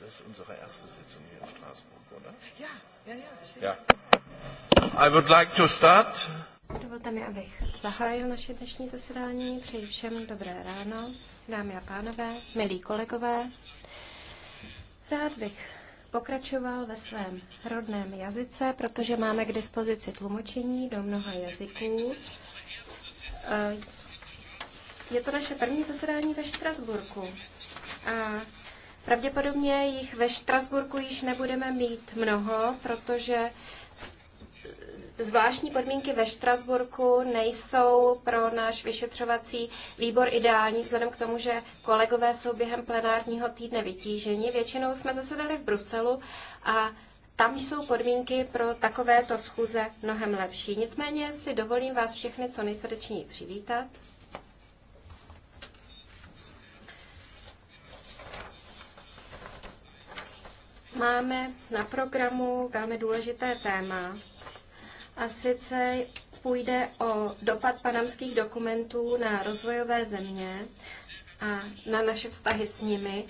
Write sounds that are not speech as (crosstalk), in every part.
Das ist unsere erste Sitzung hier in Straßburg, oder? Ja, ja, ja. ja. I would like to start. Dovolte mi, abych zahájil naše dnešní zasedání. Přeji všem dobré ráno, dámy a pánové, milí kolegové. Rád bych pokračoval ve svém rodném jazyce, protože máme k dispozici tlumočení do mnoha jazyků. Eh, je to naše první zasedání ve Štrasburku. A Pravděpodobně jich ve Štrasburku již nebudeme mít mnoho, protože zvláštní podmínky ve Štrasburku nejsou pro náš vyšetřovací výbor ideální, vzhledem k tomu, že kolegové jsou během plenárního týdne vytíženi. Většinou jsme zasedali v Bruselu a tam jsou podmínky pro takovéto schůze mnohem lepší. Nicméně si dovolím vás všechny co nejsrdečněji přivítat. máme na programu velmi důležité téma, a sice půjde o dopad panamských dokumentů na rozvojové země a na naše vztahy s nimi.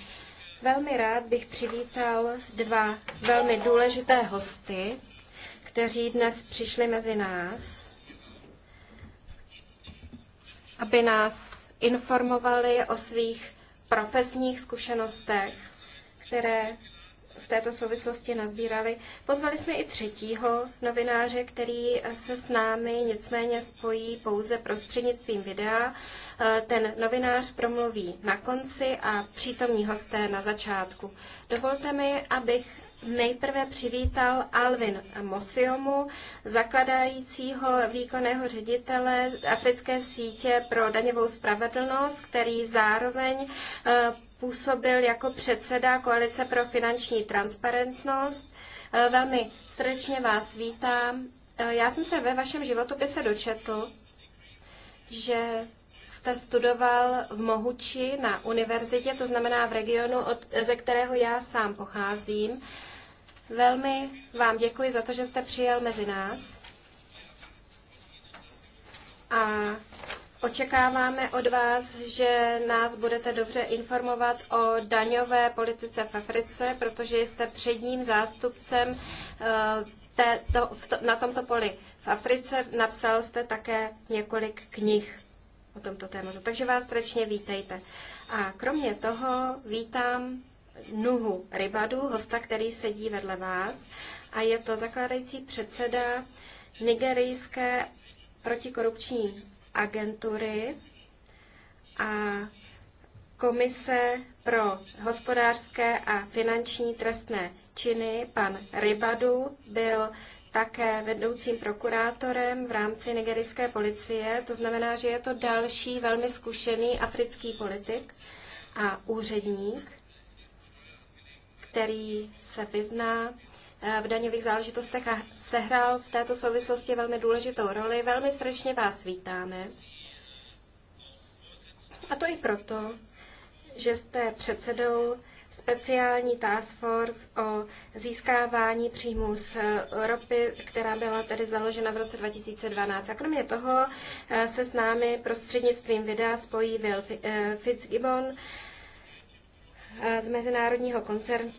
Velmi rád bych přivítal dva velmi důležité hosty, kteří dnes přišli mezi nás, aby nás informovali o svých profesních zkušenostech, které v této souvislosti nazbírali. Pozvali jsme i třetího novináře, který se s námi nicméně spojí pouze prostřednictvím videa. Eh, ten novinář promluví na konci a přítomní hosté na začátku. Dovolte mi, abych nejprve přivítal Alvin Mosiomu, zakladajícího výkonného ředitele Africké sítě pro daňovou spravedlnost, který zároveň eh, působil jako předseda Koalice pro finanční transparentnost. E, velmi srdečně vás vítám. E, já jsem se ve vašem životopise dočetl, že jste studoval v Mohuči na univerzitě, to znamená v regionu, od, ze kterého já sám pocházím. Velmi vám děkuji za to, že jste přijel mezi nás. A Očekáváme od vás, že nás budete dobře informovat o daňové politice v Africe, protože jste předním zástupcem eh, té, to, to, na tomto poli v Africe. Napsal jste také několik knih o tomto tématu. Takže vás srdečně vítejte. A kromě toho vítám Nuhu Rybadu, hosta, který sedí vedle vás a je to zakládající předseda nigerijské protikorupční agentury a Komise pro hospodářské a finanční trestné činy, pan Rybadu, byl také vedoucím prokurátorem v rámci nigerijské policie. To znamená, že je to další velmi zkušený africký politik a úředník, který se vyzná Eh, v daňových záležitostech a sehrál v této souvislosti velmi důležitou roli. Velmi srdečně vás vítáme. A to i proto, že jste předsedou speciální task force o získávání příjmů z ropy, která byla tedy založena v roce 2012. A kromě toho eh, se s námi prostřednictvím videa spojí Will eh, Fitzgibbon, z Mezinárodního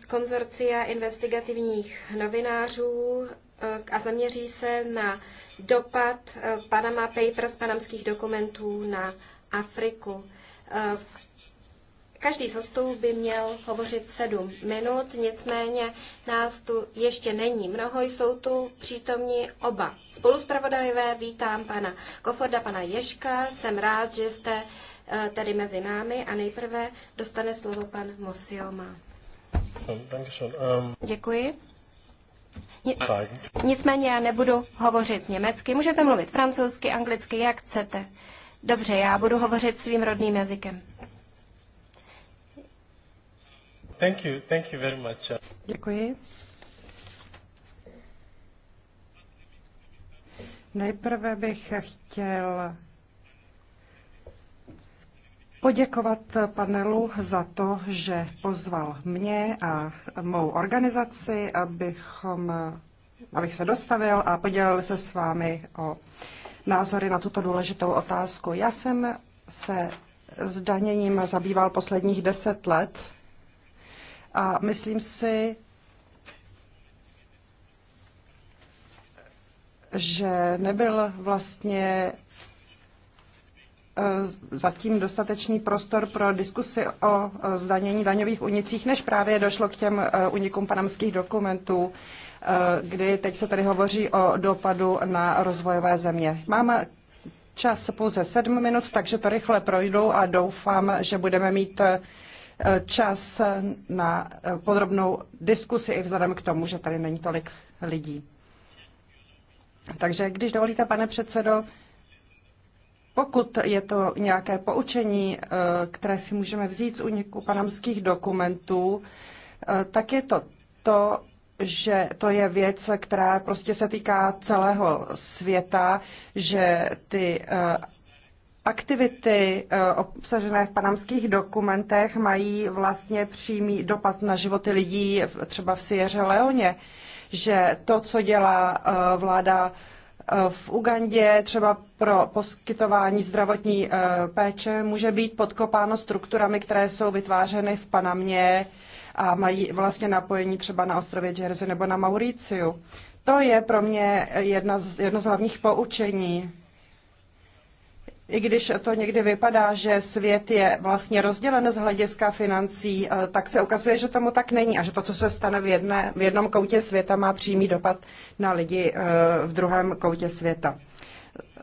konzorcia investigativních novinářů e, a zaměří se na dopad e, Panama Papers, panamských dokumentů na Afriku. E, každý z hostů by měl hovořit sedm minut, nicméně nás tu ještě není mnoho, jsou tu přítomní oba. Spoluspravodajové vítám pana Koforda, pana Ješka, jsem rád, že jste Eh, tady mezi námi a nejprve dostane slovo pan Mosioma. Ehm, Děkuji. Nicméně já nebudu hovořit německy, můžete mluvit francouzsky, anglicky, jak chcete. Dobře, já budu hovořit svým rodným jazykem. Thank you, thank you very much. Děkuji. Nejprve bych chtěl poděkovat panelu za to, že pozval mě a mou organizaci, abychom, abych se dostavil a podělil se s vámi o názory na tuto důležitou otázku. Já jsem se zdaněním zabýval posledních deset let a myslím si, že nebyl vlastně E, zatím dostatečný prostor pro diskusi o e, zdanění daňových unicích, než právě došlo k těm e, unikům panamských dokumentů, kdy teď se tady hovoří o dopadu na rozvojové země. Mám čas pouze sedm minut, takže to rychle projdu a doufám, že budeme mít čas na podrobnou diskusi i vzhledem k tomu, že tady není tolik lidí. Takže když dovolíte, pane předsedo, pokud je to nějaké poučení, eh, které si můžeme vzít z úniku panamských dokumentů, eh, tak je to to, že to je věc, která prostě se týká celého světa, že ty eh, aktivity obsažené v panamských dokumentech mají vlastně přímý dopad na životy lidí třeba v Sierra Leone, že to, co dělá vláda v Ugandě třeba pro poskytování zdravotní eh, péče může být podkopáno strukturami, které jsou vytvářeny v Panamě a mají vlastně napojení třeba na ostrově Jersey nebo na Mauriciu. To je pro mě jedna z, jedno z hlavních poučení. I když to někdy vypadá, že svět je vlastně rozdělen z hlediska financí, eh, tak se ukazuje, že tomu tak není a že to, co se stane v, jedné, v jednom koutě světa, má přímý dopad na lidi eh, v druhém koutě světa.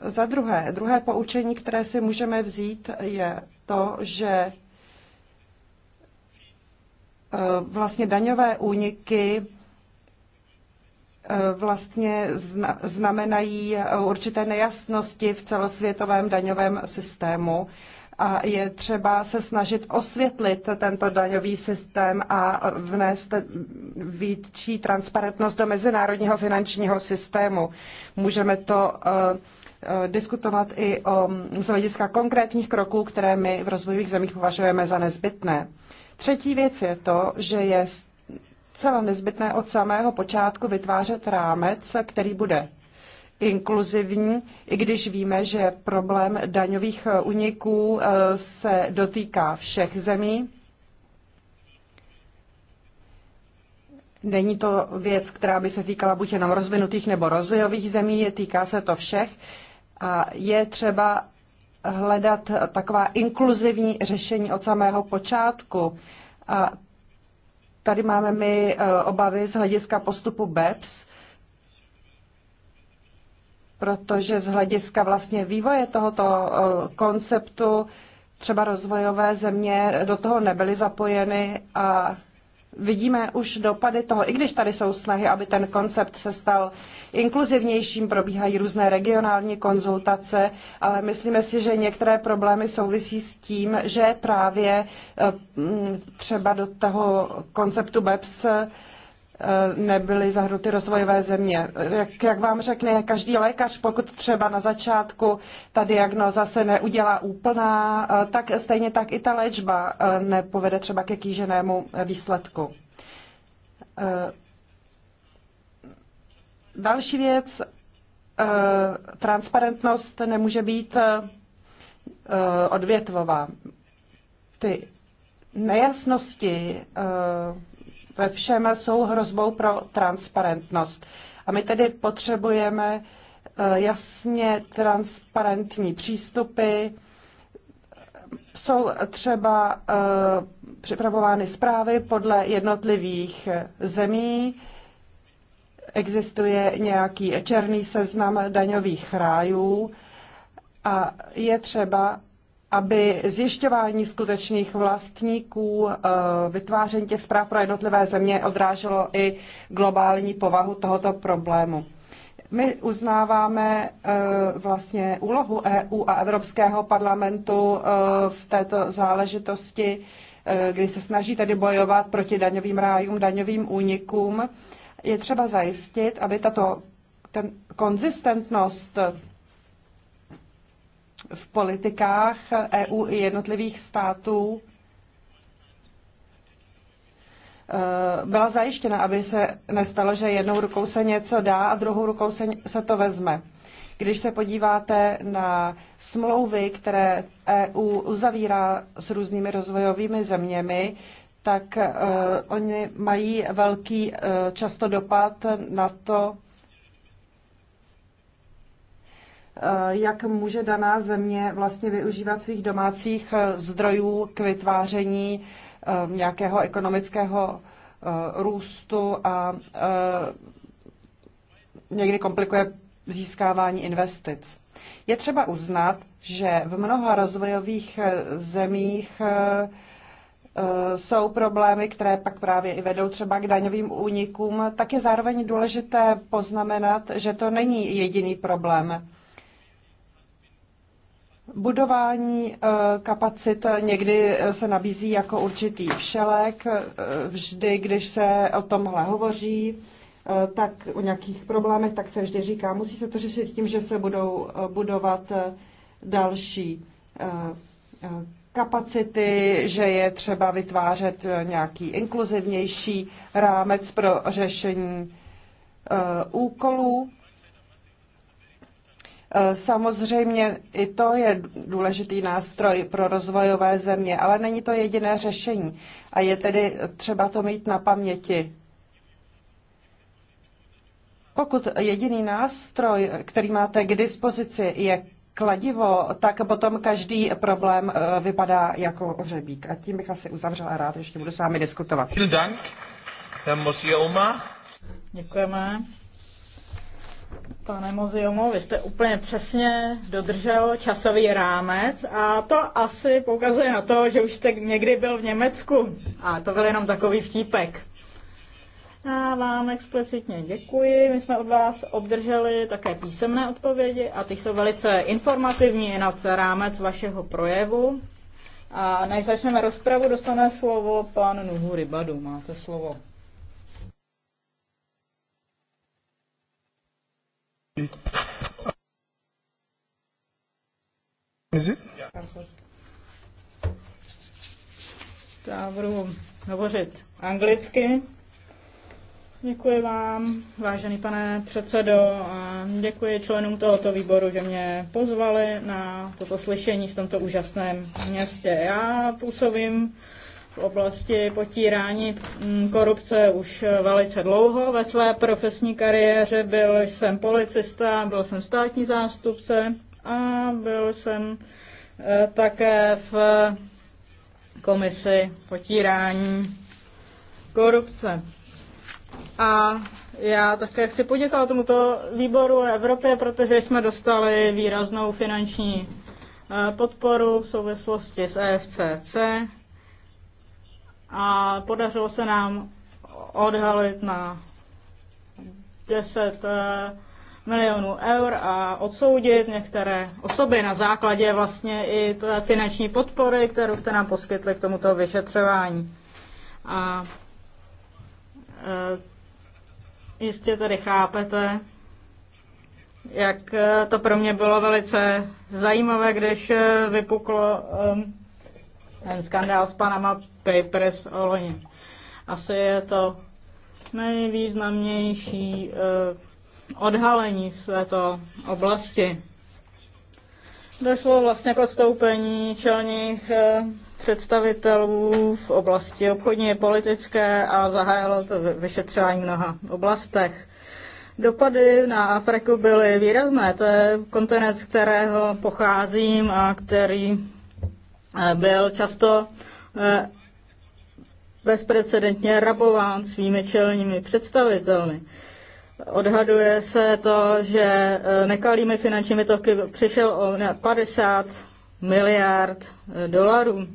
Za druhé, druhé poučení, které si můžeme vzít, je to, že eh, vlastně daňové úniky Eh, vlastně znamenají určité nejasnosti v celosvětovém daňovém systému a je třeba se snažit osvětlit tento daňový systém a vnést větší transparentnost do mezinárodního finančního systému. Můžeme to eh, diskutovat i o, z hlediska konkrétních kroků, které my v rozvojových zemích považujeme za nezbytné. Třetí věc je to, že je zcela nezbytné od samého počátku vytvářet rámec, který bude inkluzivní, i když víme, že problém daňových uniků eh, se dotýká všech zemí. Není to věc, která by se týkala buď jenom rozvinutých nebo rozvojových zemí, týká se to všech. A je třeba hledat taková inkluzivní řešení od samého počátku. A Tady máme my eh, obavy z hlediska postupu BEPS, protože z hlediska vlastně vývoje tohoto eh, konceptu třeba rozvojové země do toho nebyly zapojeny a vidíme už dopady toho, i když tady jsou snahy, aby ten koncept se stal inkluzivnějším, probíhají různé regionální konzultace, ale myslíme si, že některé problémy souvisí s tím, že právě eh, třeba do toho konceptu BEPS Eh, nebyly zahrnuty rozvojové země. Jak, jak vám řekne každý lékař, pokud třeba na začátku ta diagnoza se neudělá úplná, eh, tak stejně tak i ta léčba eh, nepovede třeba ke kýženému výsledku. Další věc, transparentnost nemůže být odvětvová. Ty nejasnosti ve všem jsou hrozbou pro transparentnost. A my tedy potřebujeme eh, jasně transparentní přístupy, jsou třeba eh, připravovány zprávy podle jednotlivých zemí, existuje nějaký černý seznam daňových rájů a je třeba, aby zjišťování skutečných vlastníků, eh, vytváření těch zpráv pro jednotlivé země odráželo i globální povahu tohoto problému. My uznáváme eh, vlastně úlohu EU a Evropského parlamentu eh, v této záležitosti, kdy se snaží tedy bojovat proti daňovým rájům, daňovým únikům. Je třeba zajistit, aby tato ten, konzistentnost v politikách EU i jednotlivých států eh, byla zajištěna, aby se nestalo, že jednou rukou se něco dá a druhou rukou se, se to vezme. Když se podíváte na smlouvy, které EU uzavírá s různými rozvojovými zeměmi, tak uh, oni mají velký uh, často dopad na to, Eh, jak může daná země vlastně využívat svých domácích eh, zdrojů k vytváření eh, nějakého ekonomického růstu a někdy komplikuje získávání investic. Je třeba uznat, že v mnoha rozvojových zemích jsou problémy, které pak právě i vedou třeba k daňovým únikům, tak je zároveň důležité poznamenat, že to není jediný problém. Budování eh, kapacit někdy eh, se nabízí jako určitý všelek. Eh, vždy, když se o tomhle hovoří, tak o nějakých problémech, tak se vždy říká, musí se to řešit tím, že se budou budovat další kapacity, že je třeba vytvářet nějaký inkluzivnější rámec pro řešení úkolů Eh, samozřejmě i to je důležitý nástroj pro rozvojové země, ale není to jediné řešení a je tedy třeba to mít na paměti. Pokud jediný nástroj, který máte k dispozici, je kladivo, tak potom každý problém eh, vypadá jako ořebík. A tím bych asi uzavřela a rád ještě budu s vámi diskutovat. Děkujeme. Pane Moziomo, vy jste úplně přesně dodržel časový rámec a to asi poukazuje na to, že už jste někdy byl v Německu a to byl jenom takový vtípek. Já vám explicitně děkuji. My jsme od vás obdrželi také písemné odpovědi a ty jsou velice informativní i nad rámec vašeho projevu. A než začneme rozpravu, dostane slovo pan Nuhu Rybadu. Máte slovo. Is it? Já budu hovořit anglicky. Děkuji vám, vážený pane předsedo, a děkuji členům tohoto výboru, že mě pozvali na toto slyšení v tomto úžasném městě. Já působím v oblasti potírání mm, korupce už eh, velice dlouho. Ve své profesní kariéře byl jsem policista, byl jsem státní zástupce a byl jsem eh, také v komisi potírání korupce. A já také chci poděkovat tomuto výboru Evropě, protože jsme dostali výraznou finanční eh, podporu v souvislosti s EFCC a podařilo se nám odhalit na 10 eh, milionů eur a odsoudit některé osoby na základě vlastně i té finanční podpory, kterou jste nám poskytli k tomuto vyšetřování. A eh, jistě tedy chápete, jak eh, to pro mě bylo velice zajímavé, když vypuklo ehm, ten skandál s Panama Papers o loni. Asi je to nejvýznamnější eh, odhalení v této oblasti. Došlo vlastně k odstoupení čelních eh, představitelů v oblasti obchodní, politické a zahájilo to vyšetřování v mnoha oblastech. Dopady na Afriku byly výrazné. To je kontinent, z kterého pocházím a který byl často eh, bezprecedentně rabován svými čelními představitelmi. Odhaduje se to, že eh, nekalými finančními toky přišel o 50 miliard eh, dolarů.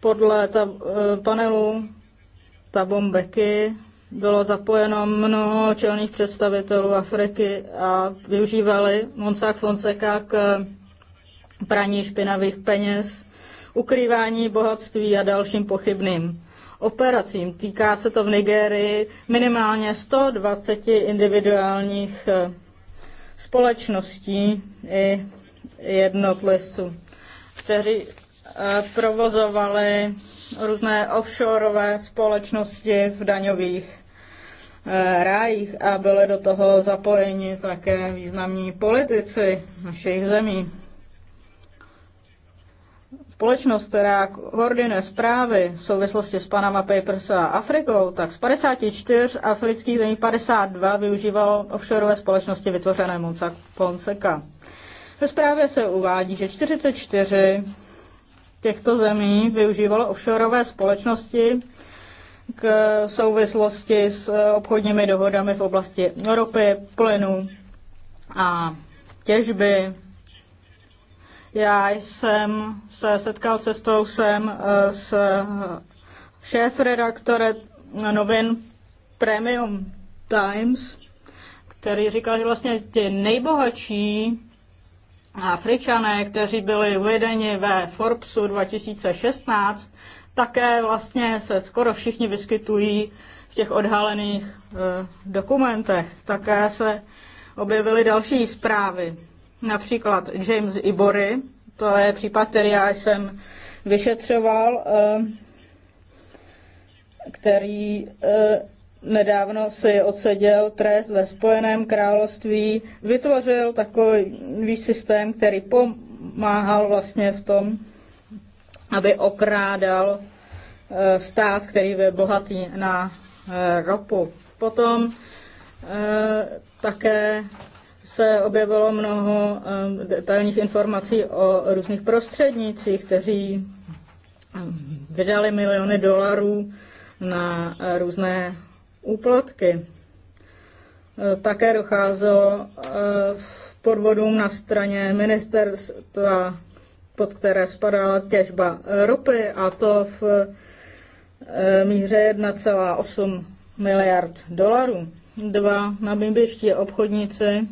Podle ta, panelu Tabombeky bylo zapojeno mnoho čelných představitelů Afriky a využívali Monsák Fonseca k praní špinavých peněz, ukrývání bohatství a dalším pochybným operacím. Týká se to v Nigérii minimálně 120 individuálních eh, společností i jednotlivců, kteří eh, provozovali různé offshoreové společnosti v daňových eh, rájích a byly do toho zapojeni také významní politici našich zemí společnost, která koordinuje zprávy v souvislosti s Panama Papers a Afrikou, tak z 54 afrických zemí 52 využívalo offshoreové společnosti vytvořené Fonseca. Ve zprávě se uvádí, že 44 těchto zemí využívalo offshoreové společnosti k souvislosti s obchodními dohodami v oblasti ropy, plynu a těžby já jsem se setkal cestou sem eh, s eh, šéf-redaktore novin Premium Times, který říkal, že vlastně ti nejbohatší Afričané, kteří byli uvedeni ve Forbesu 2016, také vlastně se skoro všichni vyskytují v těch odhalených e, dokumentech. Také se objevily další zprávy. Například James Ibory, to je případ, který já jsem vyšetřoval, eh, který eh, nedávno si odseděl trest ve Spojeném království, vytvořil takový systém, který pomáhal vlastně v tom, aby okrádal eh, stát, který byl bohatý na ropu. Potom také se objevilo mnoho eh, detailních informací o různých prostřednících, kteří eh, vydali miliony dolarů na eh, různé úplatky. Také docházelo v podvodům na straně ministerstva, pod které spadala těžba ropy, a to v míře 1,8 miliard dolarů. Dva nabíbiští obchodníci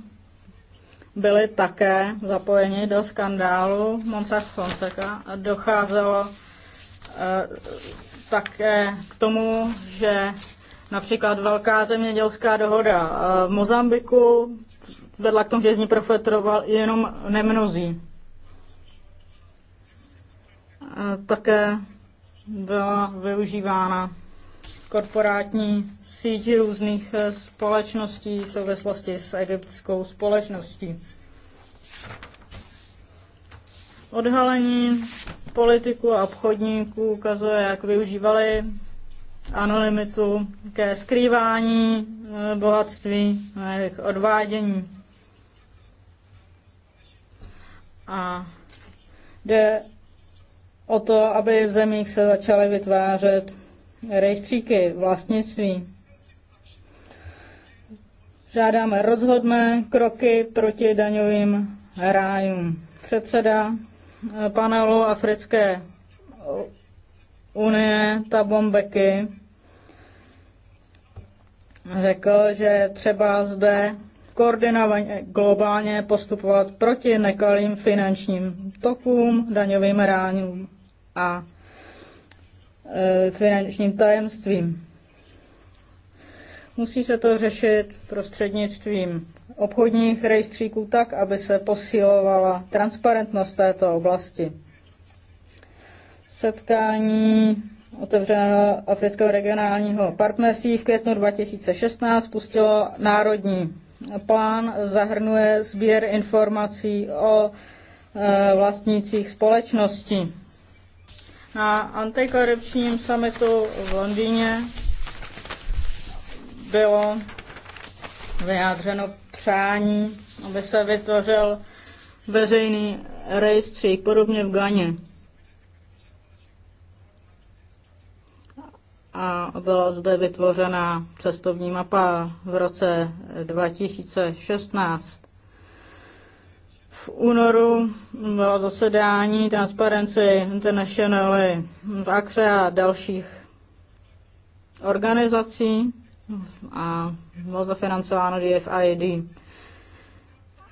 byli také zapojeni do skandálu Monsach Fonseca. Docházelo eh, také k tomu, že například velká zemědělská dohoda eh, v Mozambiku vedla k tomu, že z ní profetroval jenom nemnozí. Také byla využívána korporátní síť různých eh, společností v souvislosti s egyptskou společností odhalení politiků a obchodníků ukazuje, jak využívali anonymitu ke skrývání eh, bohatství a jejich odvádění. A jde o to, aby v zemích se začaly vytvářet rejstříky vlastnictví. Žádáme rozhodné kroky proti daňovým rájům. Předseda panelu Africké unie Tabombeky řekl, že třeba zde koordinovaně globálně postupovat proti nekalým finančním tokům, daňovým ráňům a e, finančním tajemstvím. Musí se to řešit prostřednictvím obchodních rejstříků tak, aby se posilovala transparentnost této oblasti. Setkání otevřeného afrického regionálního partnerství v květnu 2016 spustilo národní plán, zahrnuje sběr informací o e, vlastnících společností. Na antikorupčním summitu v Londýně bylo vyjádřeno přání, aby se vytvořil veřejný rejstřík, podobně v Ganě. A byla zde vytvořena cestovní mapa v roce 2016. V únoru bylo zasedání Transparency International v Akře a dalších organizací a bylo to financováno DFID.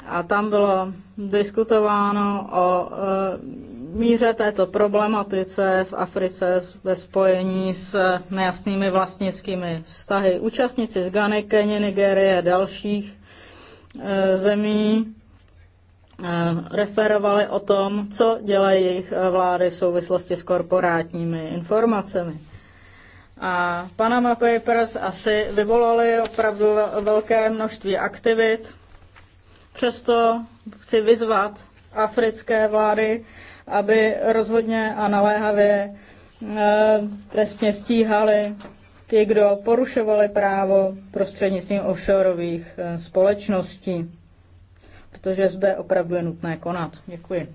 A tam bylo diskutováno o e, míře této problematice v Africe ve spojení s nejasnými vlastnickými vztahy. Účastníci z Gany, Keny, Nigerie a dalších e, zemí e, referovali o tom, co dělají jejich vlády v souvislosti s korporátními informacemi. A Panama Papers asi vyvolali opravdu velké množství aktivit. Přesto chci vyzvat africké vlády, aby rozhodně a naléhavě eh, trestně stíhali ty, kdo porušovali právo prostřednictvím offshoreových eh, společností, protože zde opravdu je nutné konat. Děkuji.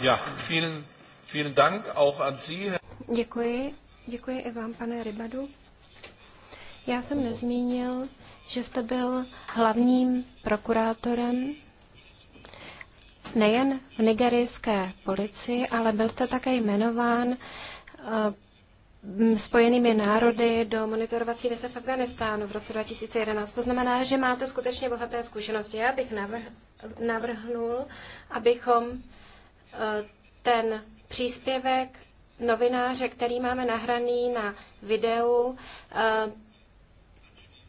Ja, vielen, vielen Dank auch an Sie. Děkuji. Děkuji i vám, pane Rybadu. Já jsem nezmínil, že jste byl hlavním prokurátorem nejen v nigerijské policii, ale byl jste také jmenován eh, spojenými národy do monitorovací mise v Afganistánu v roce 2011. To znamená, že máte skutečně bohaté zkušenosti. Já bych navrhnul, abychom eh, ten příspěvek novináře, který máme nahraný na videu, eh,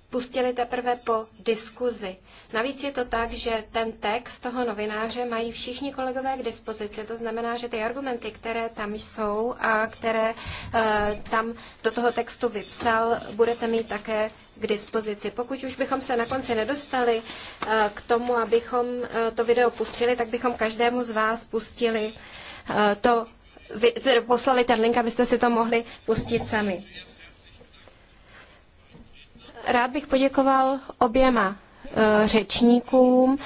pustili teprve po diskuzi. Navíc je to tak, že ten text toho novináře mají všichni kolegové k dispozici. To znamená, že ty argumenty, které tam jsou a které eh, tam do toho textu vypsal, budete mít také k dispozici. Pokud už bychom se na konci nedostali eh, k tomu, abychom to video pustili, tak bychom každému z vás pustili to vy, poslali ten link, abyste si to mohli pustit sami. Rád bych poděkoval oběma e, řečníkům.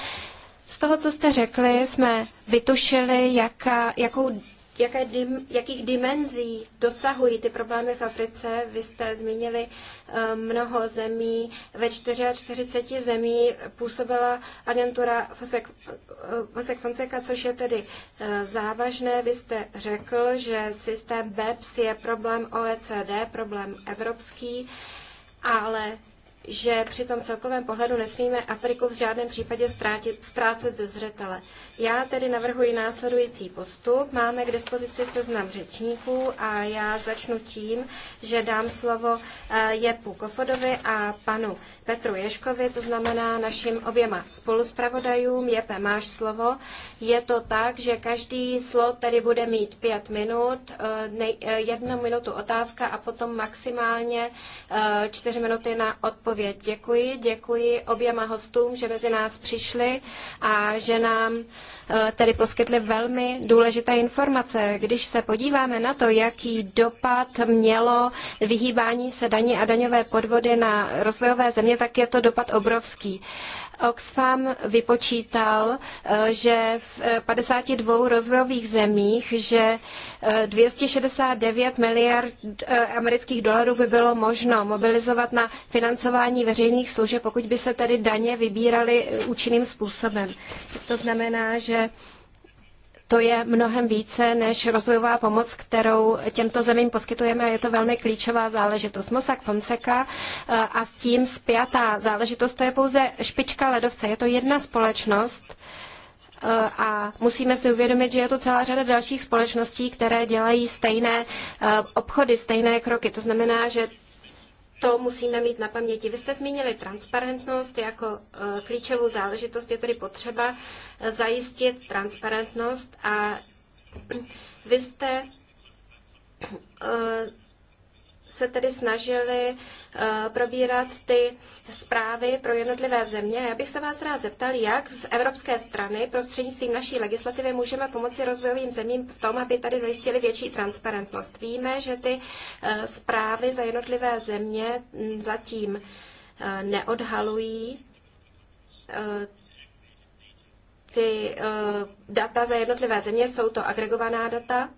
Z toho, co jste řekli, jsme vytušili, jaká, jakou jaké dim, jakých dimenzí dosahují ty problémy v Africe. Vy jste zmínili eh, mnoho zemí. Ve 44 zemí působila agentura eh, Fosek Fonseca, což je tedy eh, závažné. Vy jste řekl, že systém BEPS je problém OECD, problém evropský, ale že při tom celkovém pohledu nesmíme Afriku v žádném případě ztrátit, ztrácet ze zřetele. Já tedy navrhuji následující postup. Máme k dispozici seznam řečníků a já začnu tím, že dám slovo eh, Jepu Kofodovi a panu Petru Ješkovi, to znamená našim oběma spoluspravodajům. Jepe, máš slovo. Je to tak, že každý slot tedy bude mít pět minut, eh, eh, jednu minutu otázka a potom maximálně čtyři minuty na odpověď odpověď. Děkuji, děkuji oběma hostům, že mezi nás přišli a že nám eh, tedy poskytli velmi důležité informace. Když se podíváme na to, jaký dopad mělo vyhýbání se daní a daňové podvody na rozvojové země, tak je to dopad obrovský. Oxfam vypočítal, eh, že v 52 eh, rozvojových zemích, že 269 eh, miliard amerických dolarů by bylo možno mobilizovat na financování veřejných služeb, pokud by se tedy daně vybíraly účinným způsobem. To znamená, že to je mnohem více než rozvojová pomoc, kterou těmto zemím poskytujeme a je to velmi klíčová záležitost. Mosak Fonseca eh, a s tím zpětá záležitost, to je pouze špička ledovce. Je to jedna společnost, eh, a musíme si uvědomit, že je to celá řada dalších společností, které dělají stejné eh, obchody, stejné kroky. To znamená, že to musíme mít na paměti. Vy jste zmínili transparentnost jako eh, klíčovou záležitost. Je tedy potřeba eh, zajistit transparentnost a (clears throat) vy jste eh, se tedy snažili eh, probírat ty zprávy pro jednotlivé země. Já bych se vás rád zeptal, jak z evropské strany prostřednictvím naší legislativy můžeme pomoci rozvojovým zemím v tom, aby tady zajistili větší transparentnost. Víme, že ty eh, zprávy za jednotlivé země hm, zatím eh, neodhalují ty data za jednotlivé země, jsou to agregovaná data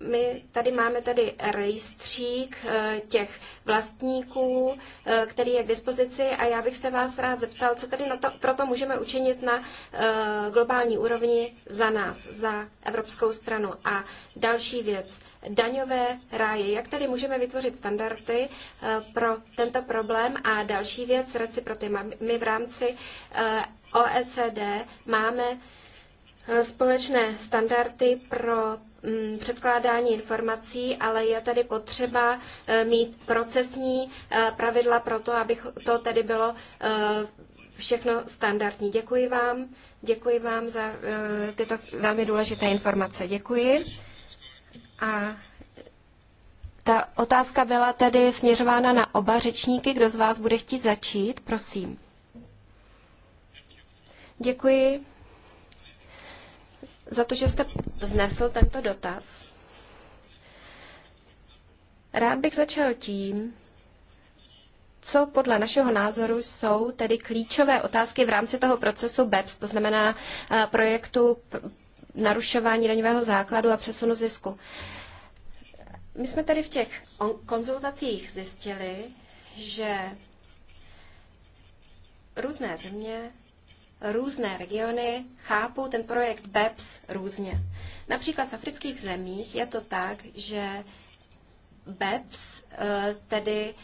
my tady máme tady rejstřík eh, těch vlastníků, eh, který je k dispozici a já bych se vás rád zeptal, co tady na to, proto můžeme učinit na eh, globální úrovni za nás, za Evropskou stranu. A další věc, daňové ráje. Jak tady můžeme vytvořit standardy pro tento problém a další věc, reciproty. My v rámci OECD máme společné standardy pro Mm, předkládání informací, ale je tady potřeba eh, mít procesní eh, pravidla pro to, aby to tedy bylo eh, všechno standardní. Děkuji vám, děkuji vám za tyto velmi důležité informace. Děkuji. A ta otázka byla tedy směřována na oba řečníky. Kdo z vás bude chtít začít? Prosím. Děkuji za to, že jste vznesl tento dotaz. Rád bych začal tím, co podle našeho názoru jsou tedy klíčové otázky v rámci toho procesu BEPS, to znamená eh, projektu narušování daňového základu a přesunu zisku. My jsme tedy v těch konzultacích zjistili, že různé země různé regiony chápou ten projekt BEPS různě. Například v afrických zemích je to tak, že BEPS eh, tedy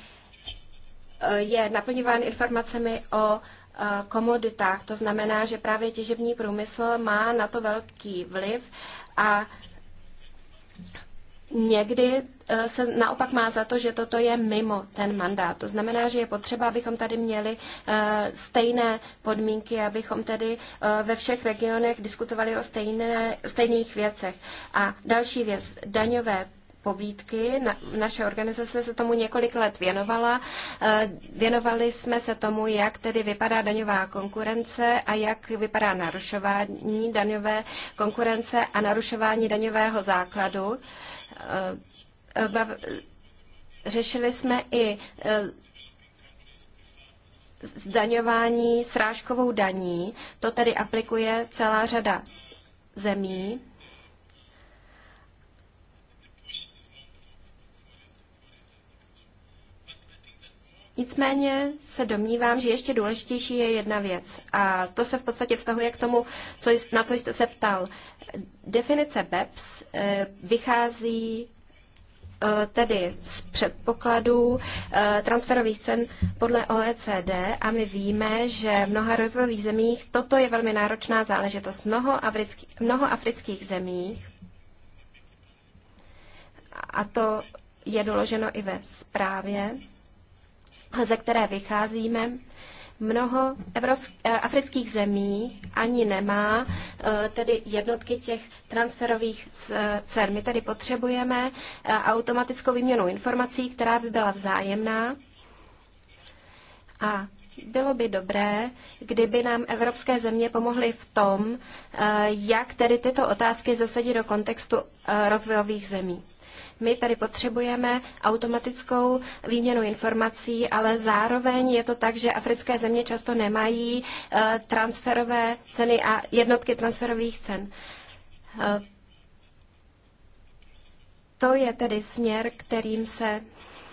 eh, je naplňován informacemi o eh, komoditách. To znamená, že právě těžební průmysl má na to velký vliv a Někdy eh, se naopak má za to, že toto je mimo ten mandát. To znamená, že je potřeba, abychom tady měli eh, stejné podmínky, abychom tedy eh, ve všech regionech diskutovali o stejné, stejných věcech. A další věc, daňové pobídky. Na, naše organizace se tomu několik let věnovala. Věnovali jsme se tomu, jak tedy vypadá daňová konkurence a jak vypadá narušování daňové konkurence a narušování daňového základu. Eh, řešili jsme i eh, zdaňování srážkovou daní. To tedy aplikuje celá řada zemí Nicméně se domnívám, že ještě důležitější je jedna věc a to se v podstatě vztahuje k tomu, co, na co jste se ptal. Definice BEPS eh, vychází eh, tedy z předpokladů eh, transferových cen podle OECD a my víme, že v mnoha rozvojových zemích toto je velmi náročná záležitost. Mnoho, africký, mnoho afrických zemích a to je doloženo i ve zprávě, ze které vycházíme, mnoho evropsk- eh, afrických zemí ani nemá eh, tedy jednotky těch transferových cen. My tedy potřebujeme eh, automatickou výměnu informací, která by byla vzájemná. A bylo by dobré, kdyby nám evropské země pomohly v tom, eh, jak tedy tyto otázky zasadit do kontextu eh, rozvojových zemí. My tady potřebujeme automatickou výměnu informací, ale zároveň je to tak, že africké země často nemají eh, transferové ceny a jednotky transferových cen. To je tedy směr, kterým se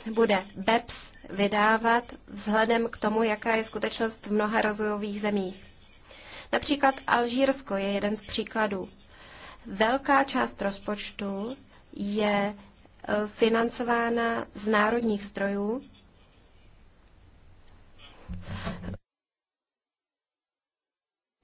bude BEPS vydávat vzhledem k tomu, jaká je skutečnost v mnoha rozvojových zemích. Například Alžírsko je jeden z příkladů. Velká část rozpočtu je e, financována z národních zdrojů.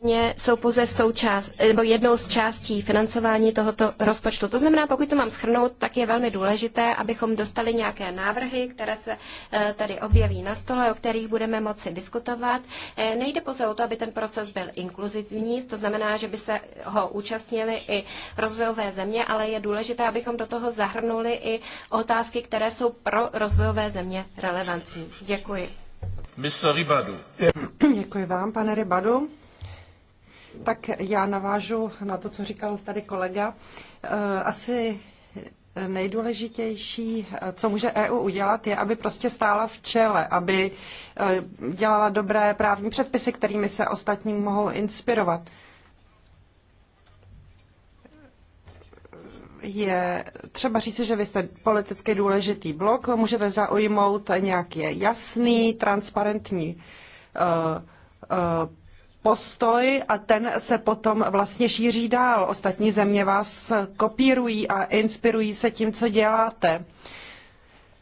Ně jsou pouze součást, nebo jednou z částí financování tohoto rozpočtu. To znamená, pokud to mám schrnout, tak je velmi důležité, abychom dostali nějaké návrhy, které se eh, tady objeví na stole, o kterých budeme moci diskutovat. Eh, nejde pouze o to, aby ten proces byl inkluzivní, to znamená, že by se ho účastnili i rozvojové země, ale je důležité, abychom do toho zahrnuli i otázky, které jsou pro rozvojové země relevantní. Děkuji. Mr. Rybadu. Děkuji vám, pane Rybadu. Tak já navážu na to, co říkal tady kolega. Eh, asi nejdůležitější, eh, co může EU udělat, je, aby prostě stála v čele, aby eh, dělala dobré právní předpisy, kterými se ostatní mohou inspirovat. je třeba říci, že vy jste politicky důležitý blok, můžete zaujmout nějaký jasný, transparentní uh, uh, postoj a ten se potom vlastně šíří dál. Ostatní země vás kopírují a inspirují se tím, co děláte.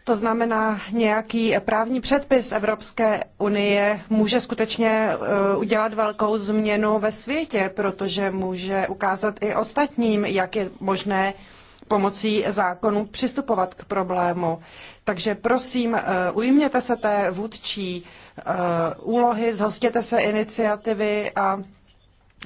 To znamená, nějaký právní předpis Evropské unie může skutečně eh, udělat velkou změnu ve světě, protože může ukázat i ostatním, jak je možné pomocí zákonů přistupovat k problému. Takže prosím, eh, ujměte se té vůdčí úlohy, zhostěte se iniciativy a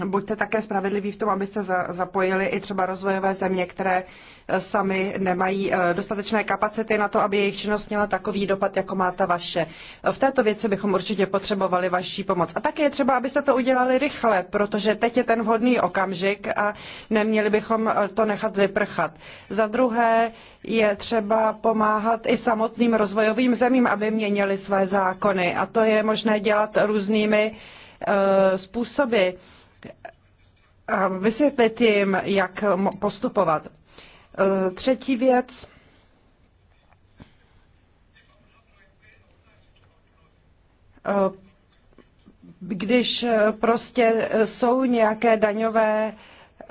buďte také spravedliví v tom, abyste zapojili i třeba rozvojové země, které e, sami nemají e, dostatečné kapacity na to, aby jejich činnost měla takový dopad, jako má ta vaše. V této věci bychom určitě potřebovali vaší pomoc. A také je třeba, abyste to udělali rychle, protože teď je ten vhodný okamžik a neměli bychom e, to nechat vyprchat. Za druhé je třeba pomáhat i samotným rozvojovým zemím, aby měnili své zákony. A to je možné dělat různými způsoby vysvětlit jim, jak postupovat. E, třetí věc. E, když prostě jsou nějaké daňové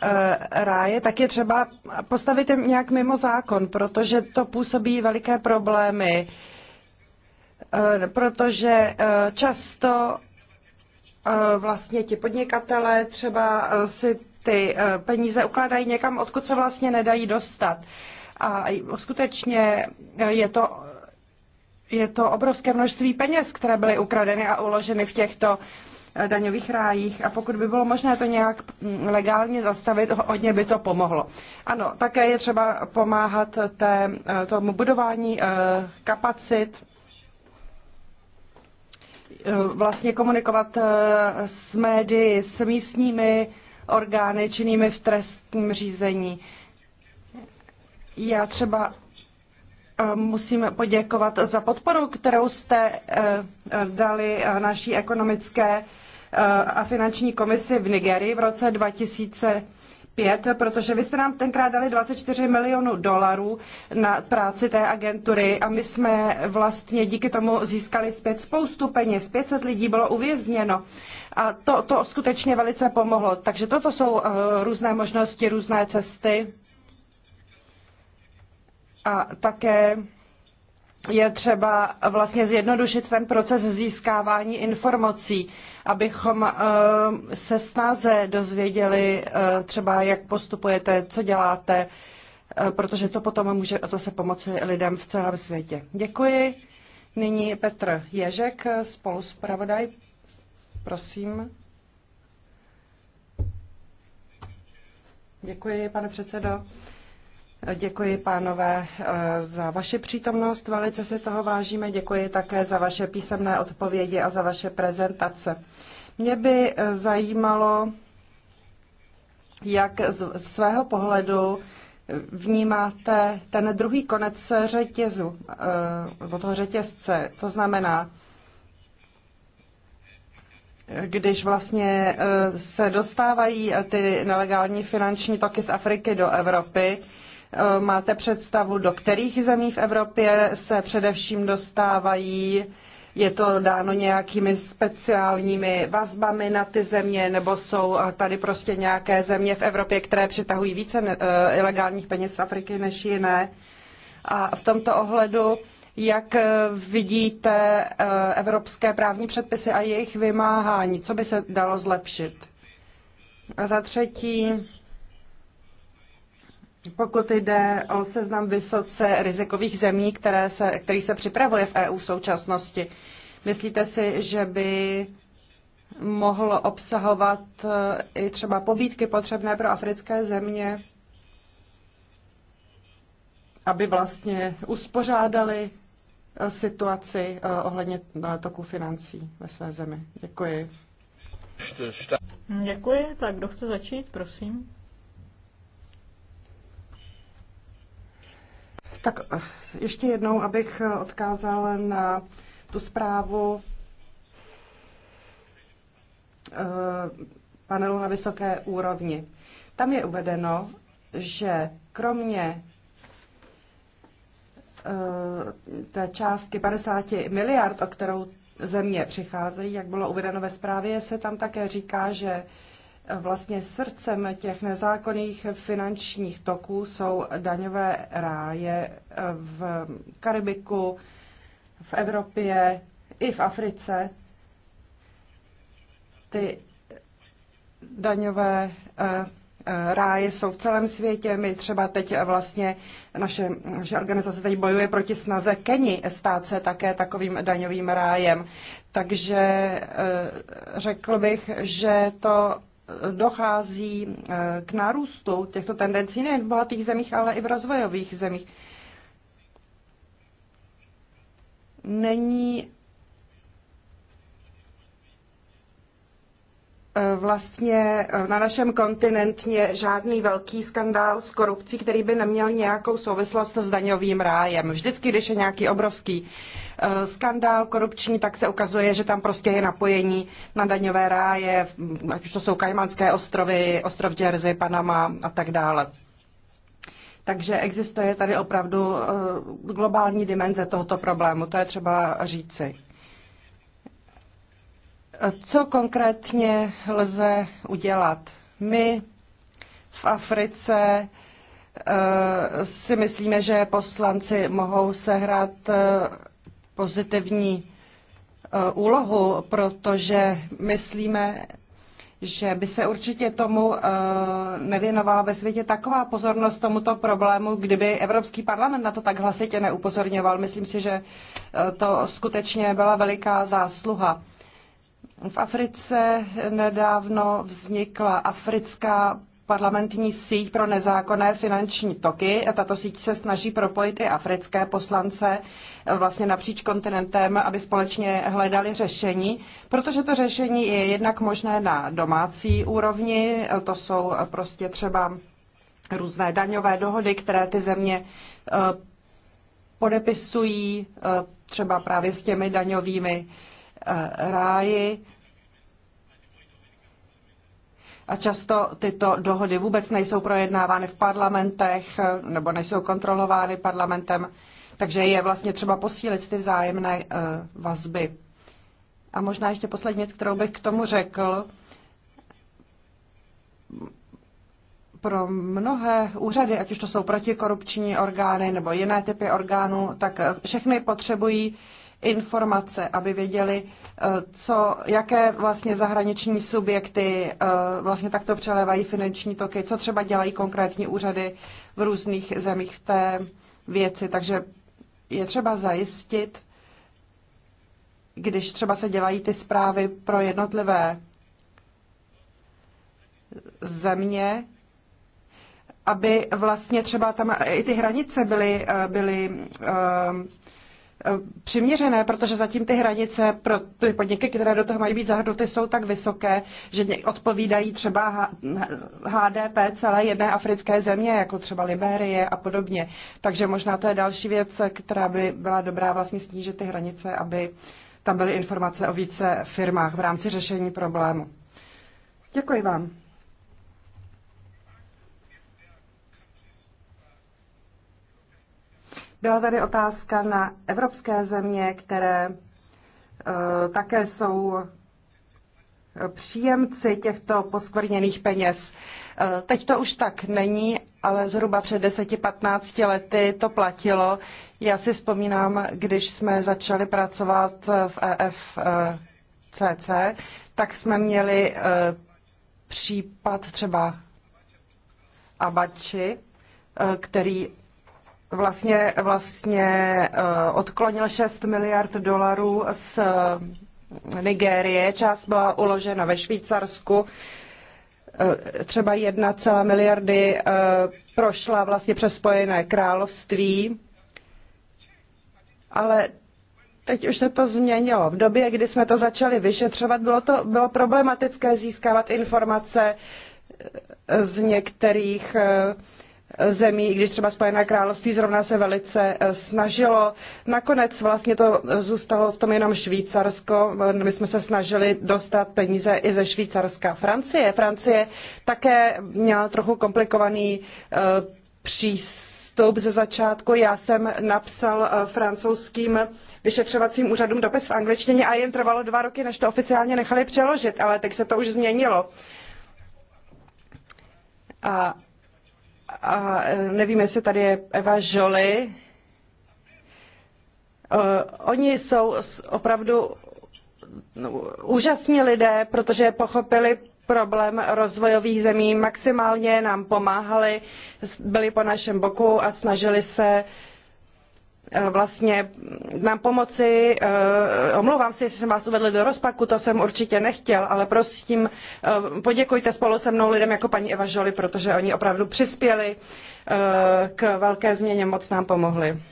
e, ráje, tak je třeba postavit nějak mimo zákon, protože to působí veliké problémy, protože často vlastně ti podnikatelé třeba e, si ty e, peníze ukládají někam, odkud se vlastně nedají dostat. A skutečně e, je to, je to obrovské množství peněz, které byly ukradeny a uloženy v těchto daňových rájích a pokud by bylo možné to nějak mm, legálně zastavit, hodně by to pomohlo. Ano, také je třeba pomáhat té, tomu budování kapacit Eh, vlastně komunikovat eh, s médii, s místními orgány činnými v trestním řízení. Já třeba eh, musím poděkovat za podporu, kterou jste dali naší ekonomické a finanční komisi v Nigerii v roce 2000 pět, protože vy jste nám tenkrát dali 24 milionů dolarů na práci té agentury a my jsme vlastně díky tomu získali zpět spoustu peněz. 500 lidí bylo uvězněno a to, to skutečně velice pomohlo. Takže toto jsou eh, různé možnosti, různé cesty. A také je třeba vlastně zjednodušit ten proces získávání informací, abychom eh, se snáze dozvěděli eh, třeba, jak postupujete, co děláte, eh, protože to potom může zase pomoci lidem v celém světě. Děkuji. Nyní Petr Ježek, spoluspravodaj. Prosím. Děkuji, pane předsedo. Děkuji, pánové, za vaši přítomnost, velice si toho vážíme. Děkuji také za vaše písemné odpovědi a za vaše prezentace. Mě by zajímalo, jak z svého pohledu vnímáte ten druhý konec řetězu, nebo eh, toho řetězce, to znamená, když vlastně eh, se dostávají ty nelegální finanční toky z Afriky do Evropy, Eh, máte představu, do kterých zemí v Evropě se především dostávají? Je to dáno nějakými speciálními vazbami na ty země, nebo jsou eh, tady prostě nějaké země v Evropě, které přitahují více eh, ilegálních peněz z Afriky než jiné? A v tomto ohledu, jak vidíte evropské právní předpisy a jejich vymáhání? Co by se dalo zlepšit? A za třetí, pokud jde o seznam vysoce rizikových zemí, které se, který se připravuje v EU v současnosti, myslíte si, že by mohlo obsahovat eh, i třeba pobídky potřebné pro africké země, aby vlastně uspořádali eh, situaci eh, ohledně toku financí ve své zemi. Děkuji. Děkuji. Tak kdo chce začít, prosím. Tak eh, ještě jednou, abych eh, odkázal na tu zprávu eh, panelu na vysoké úrovni. Tam je uvedeno, že kromě té částky 50 miliard, o kterou země přicházejí, jak bylo uvedeno ve zprávě, se tam také říká, že vlastně srdcem těch nezákonných finančních toků jsou daňové ráje eh, v Karibiku, v Evropě i v Africe. Ty daňové eh, eh, ráje jsou v celém světě. My třeba teď vlastně, naše, naše organizace teď bojuje proti snaze Keni stát se také takovým daňovým rájem. Takže řekl bych, že to dochází eh, k nárůstu těchto tendencí nejen v bohatých zemích, ale i v rozvojových zemích. Není E, vlastně e, na našem kontinentě žádný velký skandál s korupcí, který by neměl nějakou souvislost s daňovým rájem. Vždycky, když je nějaký obrovský e, skandál korupční, tak se ukazuje, že tam prostě je napojení na daňové ráje, ať už to jsou Kajmanské ostrovy, ostrov Jersey, Panama a tak dále. Takže existuje tady opravdu globální dimenze tohoto problému, to je třeba říci. Co konkrétně lze udělat? My v Africe eh, si myslíme, že poslanci mohou sehrát eh, pozitivní eh, úlohu, protože myslíme, že by se určitě tomu nevěnovala ve světě taková pozornost tomuto problému, kdyby Evropský parlament na to tak hlasitě neupozorňoval. Myslím si, že to skutečně byla veliká zásluha. V Africe nedávno vznikla africká parlamentní síť pro nezákonné finanční toky. Tato síť se snaží propojit i africké poslance eh, vlastně napříč kontinentem, aby společně hledali řešení, protože to řešení je jednak možné na domácí úrovni, eh, to jsou eh, prostě třeba různé daňové dohody, které ty země podepisují třeba právě s těmi daňovými Eh, ráji. A často tyto dohody vůbec nejsou projednávány v parlamentech eh, nebo nejsou kontrolovány parlamentem, takže je vlastně třeba posílit ty vzájemné eh, vazby. A možná ještě poslední věc, kterou bych k tomu řekl. Pro mnohé úřady, ať už to jsou protikorupční orgány nebo jiné typy orgánů, tak všechny potřebují informace, aby věděli, eh, co, jaké vlastně zahraniční subjekty eh, vlastně takto přelevají finanční toky, co třeba dělají konkrétní úřady v různých zemích v té věci. Takže je třeba zajistit, když třeba se dělají ty zprávy pro jednotlivé země, aby vlastně třeba tam i ty hranice byly, eh, byly Eh, přiměřené, protože zatím ty hranice pro ty podniky, které do toho mají být zahrnuty, jsou tak vysoké, že odpovídají třeba HDP celé jedné africké země, jako třeba Liberie a podobně. Takže možná to je další věc, která by byla dobrá vlastně snížit ty hranice, aby tam byly informace o více firmách v rámci řešení problému. Děkuji vám. Byla tady otázka na evropské země, které eh, také jsou eh, příjemci těchto poskvrněných peněz. Eh, teď to už tak není, ale zhruba před 10-15 lety to platilo. Já si vzpomínám, když jsme začali pracovat v EFCC, tak jsme měli případ třeba Abači, který vlastně, vlastně eh, odklonil 6 miliard dolarů z eh, Nigérie. Část byla uložena ve Švýcarsku. Eh, třeba 1, miliardy prošla vlastně přes Spojené království. Ale teď už se to změnilo. V době, kdy jsme to začali vyšetřovat, bylo, to, bylo problematické získávat informace z některých uh, zemí, i když třeba Spojené království zrovna se velice eh, snažilo. Nakonec vlastně to eh, zůstalo v tom jenom Švýcarsko. Eh, my jsme se snažili dostat peníze i ze Švýcarska. Francie. Francie také měla trochu komplikovaný přístup ze začátku. Já jsem napsal francouzským vyšetřovacím úřadům dopis v angličtině a jim trvalo dva roky, než to oficiálně nechali přeložit, ale teď se to už změnilo. A a e, nevím, jestli tady je Eva Žoli. E, oni jsou opravdu no, úžasní lidé, protože pochopili problém rozvojových zemí, maximálně nám pomáhali, byli po našem boku a snažili se uh, Eh, vlastně nám pomoci. Eh, omlouvám se, jestli jsem vás uvedl do rozpaku, to jsem určitě nechtěl, ale prosím, eh, poděkujte spolu se mnou lidem jako paní Eva Žoli, protože oni opravdu přispěli k velké změně, moc nám pomohli.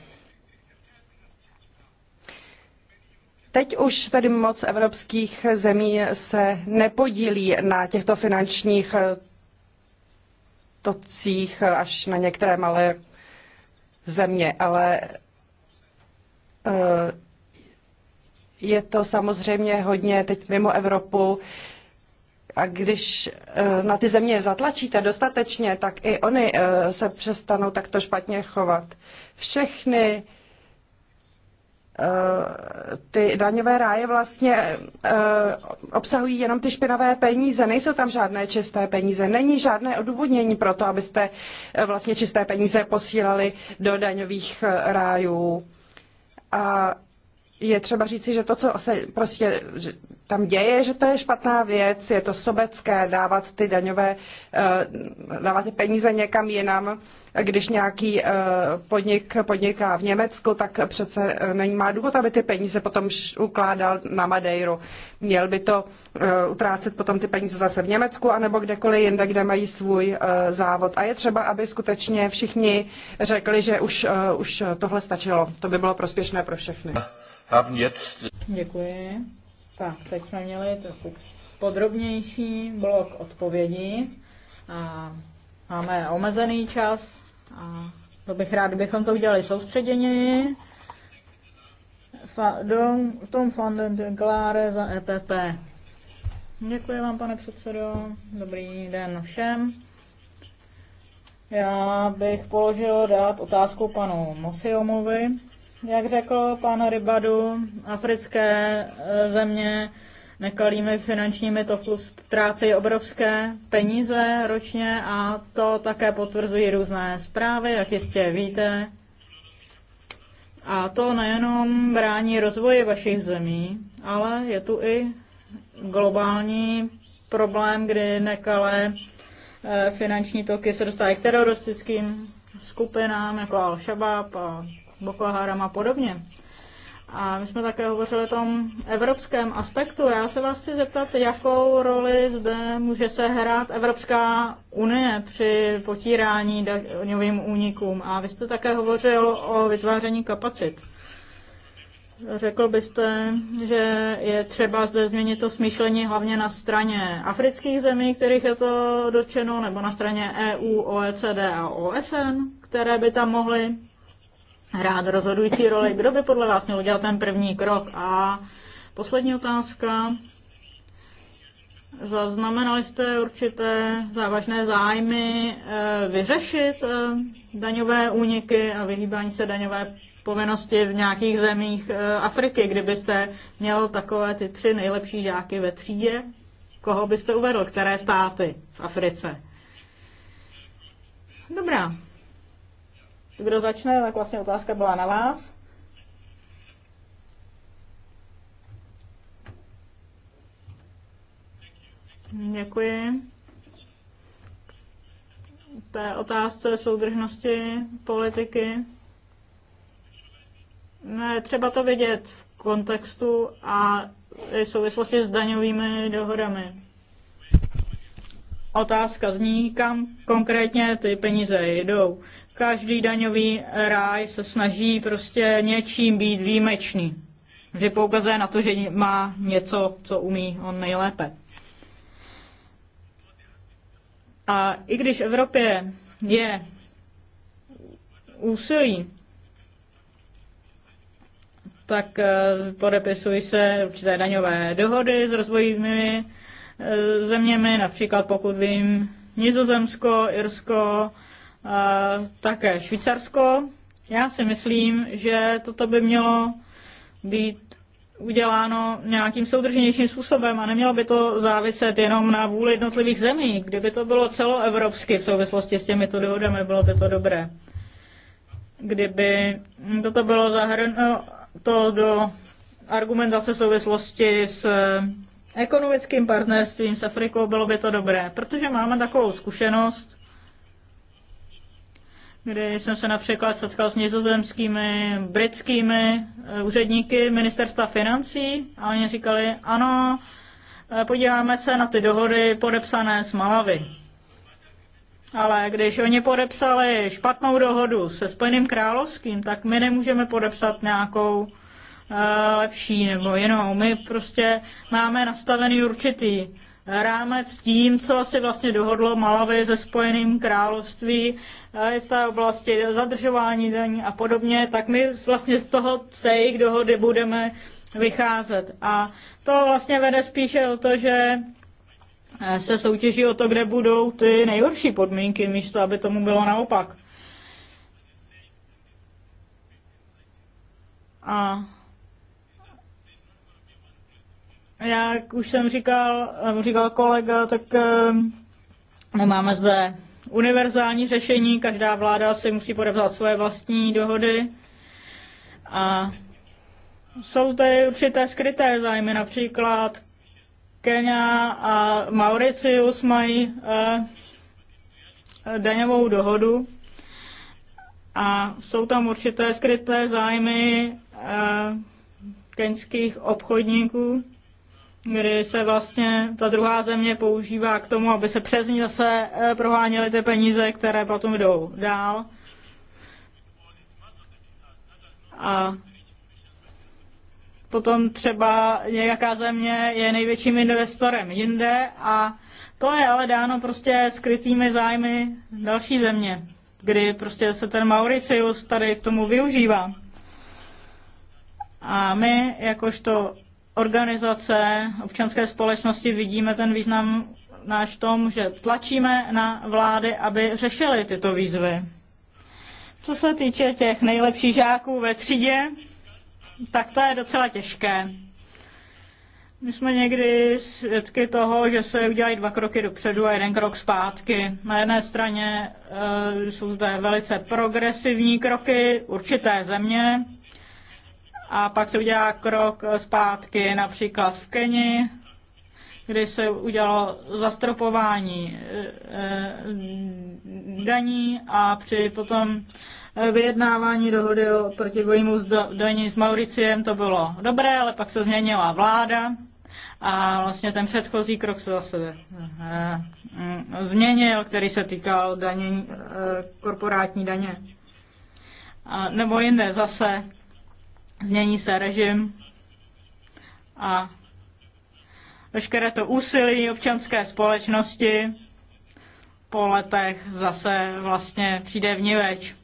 Teď už tedy moc evropských zemí se nepodílí na těchto finančních tocích až na některé malé země, ale Eh, je to samozřejmě hodně teď mimo Evropu. A když eh, na ty země zatlačíte dostatečně, tak i oni eh, se přestanou takto špatně chovat. Všechny ty daňové ráje vlastně obsahují jenom ty špinavé peníze. Nejsou tam žádné čisté peníze. Není žádné odůvodnění pro to, abyste vlastně čisté peníze posílali do daňových rájů a je třeba říci, že to, co se prostě tam děje, že to je špatná věc, je to sobecké dávat ty daňové, eh, dávat ty peníze někam jinam. Když nějaký eh, podnik podniká v Německu, tak přece eh, není má důvod, aby ty peníze potom ukládal na Madeiru. Měl by to utrácet potom ty peníze zase v Německu anebo kdekoliv jinde, kde mají svůj závod. A je třeba, aby skutečně všichni řekli, že už, už tohle stačilo. To by bylo prospěšné pro všechny haben jetzt... Děkuji. Tak, teď jsme měli trochu podrobnější blok odpovědí a máme omezený čas a to bych rád, kdybychom to udělali soustředěně. Tom van den Gláre za EPP. Děkuji vám, pane předsedo. Dobrý den všem. Já bych položil dát otázku panu Mosiomovi. Jak řekl pan Rybadu, africké eh, země nekalými finančními plus ztrácejí obrovské peníze ročně a to také potvrzují různé zprávy, jak jistě víte. A to nejenom brání rozvoji vašich zemí, ale je tu i globální problém, kdy nekalé eh, finanční toky se dostávají k teroristickým skupinám jako Al-Shabaab a Boko Haram a podobně. A my jsme také hovořili o tom evropském aspektu. Já se vás chci zeptat, jakou roli zde může se hrát Evropská unie při potírání daňovým únikům. A vy jste také hovořil o vytváření kapacit. Řekl byste, že je třeba zde změnit to smýšlení hlavně na straně afrických zemí, kterých je to dotčeno, nebo na straně EU, OECD a OSN, které by tam mohly hrát rozhodující roli. Kdo by podle vás měl udělat ten první krok? A poslední otázka. Zaznamenali jste určité závažné zájmy eh, vyřešit eh, daňové úniky a vyhýbání se daňové povinnosti v nějakých zemích eh, Afriky, kdybyste měl takové ty tři nejlepší žáky ve třídě, koho byste uvedl, které státy v Africe? Dobrá, kdo začne, tak vlastně otázka byla na vás. Děkuji. Té otázce soudržnosti politiky. Ne, třeba to vidět v kontextu a v souvislosti s daňovými dohodami. Otázka zní, kam konkrétně ty peníze jdou. Každý daňový ráj se snaží prostě něčím být výjimečný. Že poukazuje na to, že má něco, co umí on nejlépe. A i když v Evropě je úsilí, tak eh, podepisují se určité daňové dohody s rozvojovými eh, zeměmi, například pokud vím Nizozemsko, Irsko, také Švýcarsko. Já si myslím, že toto by mělo být uděláno nějakým soudrženějším způsobem a nemělo by to záviset jenom na vůli jednotlivých zemí. Kdyby to bylo celoevropsky v souvislosti s těmito dohodami, bylo by to dobré. Kdyby toto bylo zahrnuto do argumentace v souvislosti s eh, ekonomickým partnerstvím s Afrikou, bylo by to dobré, protože máme takovou zkušenost, kdy jsem se například setkal s nizozemskými, britskými eh, úředníky ministerstva financí a oni říkali, ano, eh, podíváme se na ty dohody podepsané s Malavy. Ale když oni podepsali špatnou dohodu se Spojeným královským, tak my nemůžeme podepsat nějakou uh, lepší nebo jinou. My prostě máme nastavený určitý rámec tím, co asi vlastně dohodlo Malavy se Spojeným království v té oblasti zadržování daní a podobně, tak my vlastně z toho, z té jejich dohody budeme vycházet. A to vlastně vede spíše o to, že eh, se soutěží o to, kde budou ty nejhorší podmínky, místo aby tomu bylo naopak. A jak už jsem říkal, nebo říkal kolega, tak ehm, nemáme zde univerzální řešení, každá vláda si musí podepsat svoje vlastní dohody a jsou zde určité skryté zájmy, například Kenya a Mauricius mají eh, daňovou dohodu a jsou tam určité skryté zájmy eh, keňských obchodníků, kdy se vlastně ta druhá země používá k tomu, aby se přes ní zase eh, proháněly ty peníze, které potom jdou dál. A potom třeba nějaká země je největším investorem jinde a to je ale dáno prostě skrytými zájmy další země, kdy prostě se ten Mauricius tady k tomu využívá. A my, jakožto organizace občanské společnosti vidíme ten význam náš v tom, že tlačíme na vlády, aby řešily tyto výzvy. Co se týče těch nejlepších žáků ve třídě, tak to je docela těžké. My jsme někdy svědky toho, že se udělají dva kroky dopředu a jeden krok zpátky. Na jedné straně e, jsou zde velice progresivní kroky určité země, a pak se udělá krok eh, zpátky například v Keni, kdy se udělalo zastropování eh, eh, daní a při potom vyjednávání dohody o proti dvojímu daní s Mauriciem to bylo dobré, ale pak se změnila vláda a vlastně ten předchozí krok se zase mm, změnil, který se týkal daní, korporátní daně. A nebo jinde zase změní se režim a veškeré to úsilí občanské společnosti po letech zase vlastně přijde v niveč.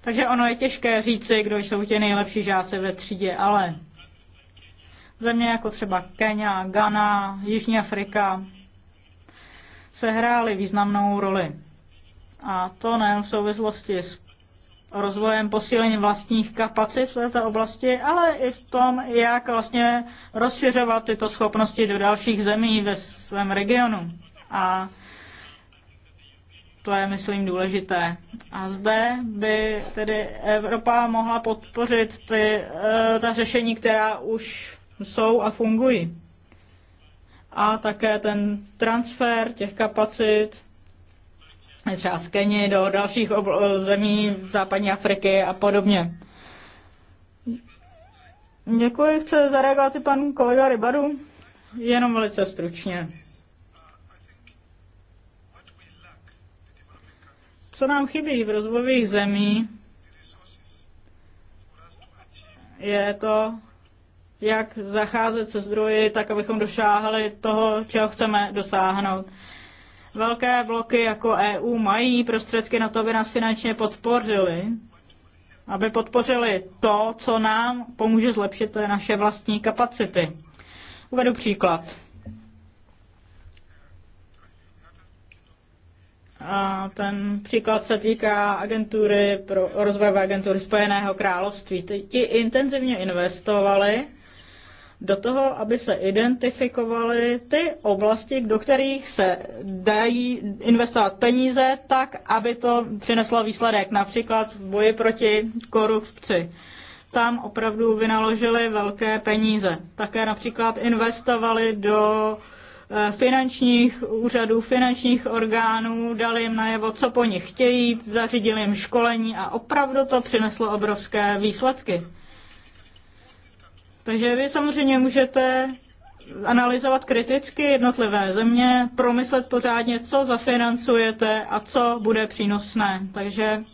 Takže ono je těžké říci, kdo jsou ti nejlepší žáci ve třídě, ale země jako třeba Kenya, Ghana, Jižní Afrika se hrály významnou roli. A to nejen v souvislosti s rozvojem, posílením vlastních kapacit v této oblasti, ale i v tom, jak vlastně rozšiřovat tyto schopnosti do dalších zemí ve svém regionu. A to je, myslím, důležité. A zde by tedy Evropa mohla podpořit ty, eh, ta řešení, která už jsou a fungují. A také ten transfer těch kapacit třeba z Keni do dalších zemí západní Afriky a podobně. Děkuji, chce zareagovat i pan kolega Rybaru, Jenom velice stručně. Co nám chybí v rozvojových zemí, je to, jak zacházet se zdroji, tak abychom došáhli toho, čeho chceme dosáhnout. Velké bloky jako EU mají prostředky na to, aby nás finančně podpořili, aby podpořili to, co nám pomůže zlepšit to je naše vlastní kapacity. Uvedu příklad. A ten příklad se týká agentury pro rozvojové agentury Spojeného království. Ti intenzivně investovali do toho, aby se identifikovaly ty oblasti, do kterých se dají investovat peníze tak, aby to přineslo výsledek, například v boji proti korupci. Tam opravdu vynaložili velké peníze. Také například investovali do eh, finančních úřadů, finančních orgánů, dali jim najevo, co po nich chtějí, zařídili jim školení a opravdu to přineslo obrovské výsledky. Takže vy samozřejmě můžete analyzovat kriticky jednotlivé země, promyslet pořádně, co zafinancujete a co bude přínosné. Takže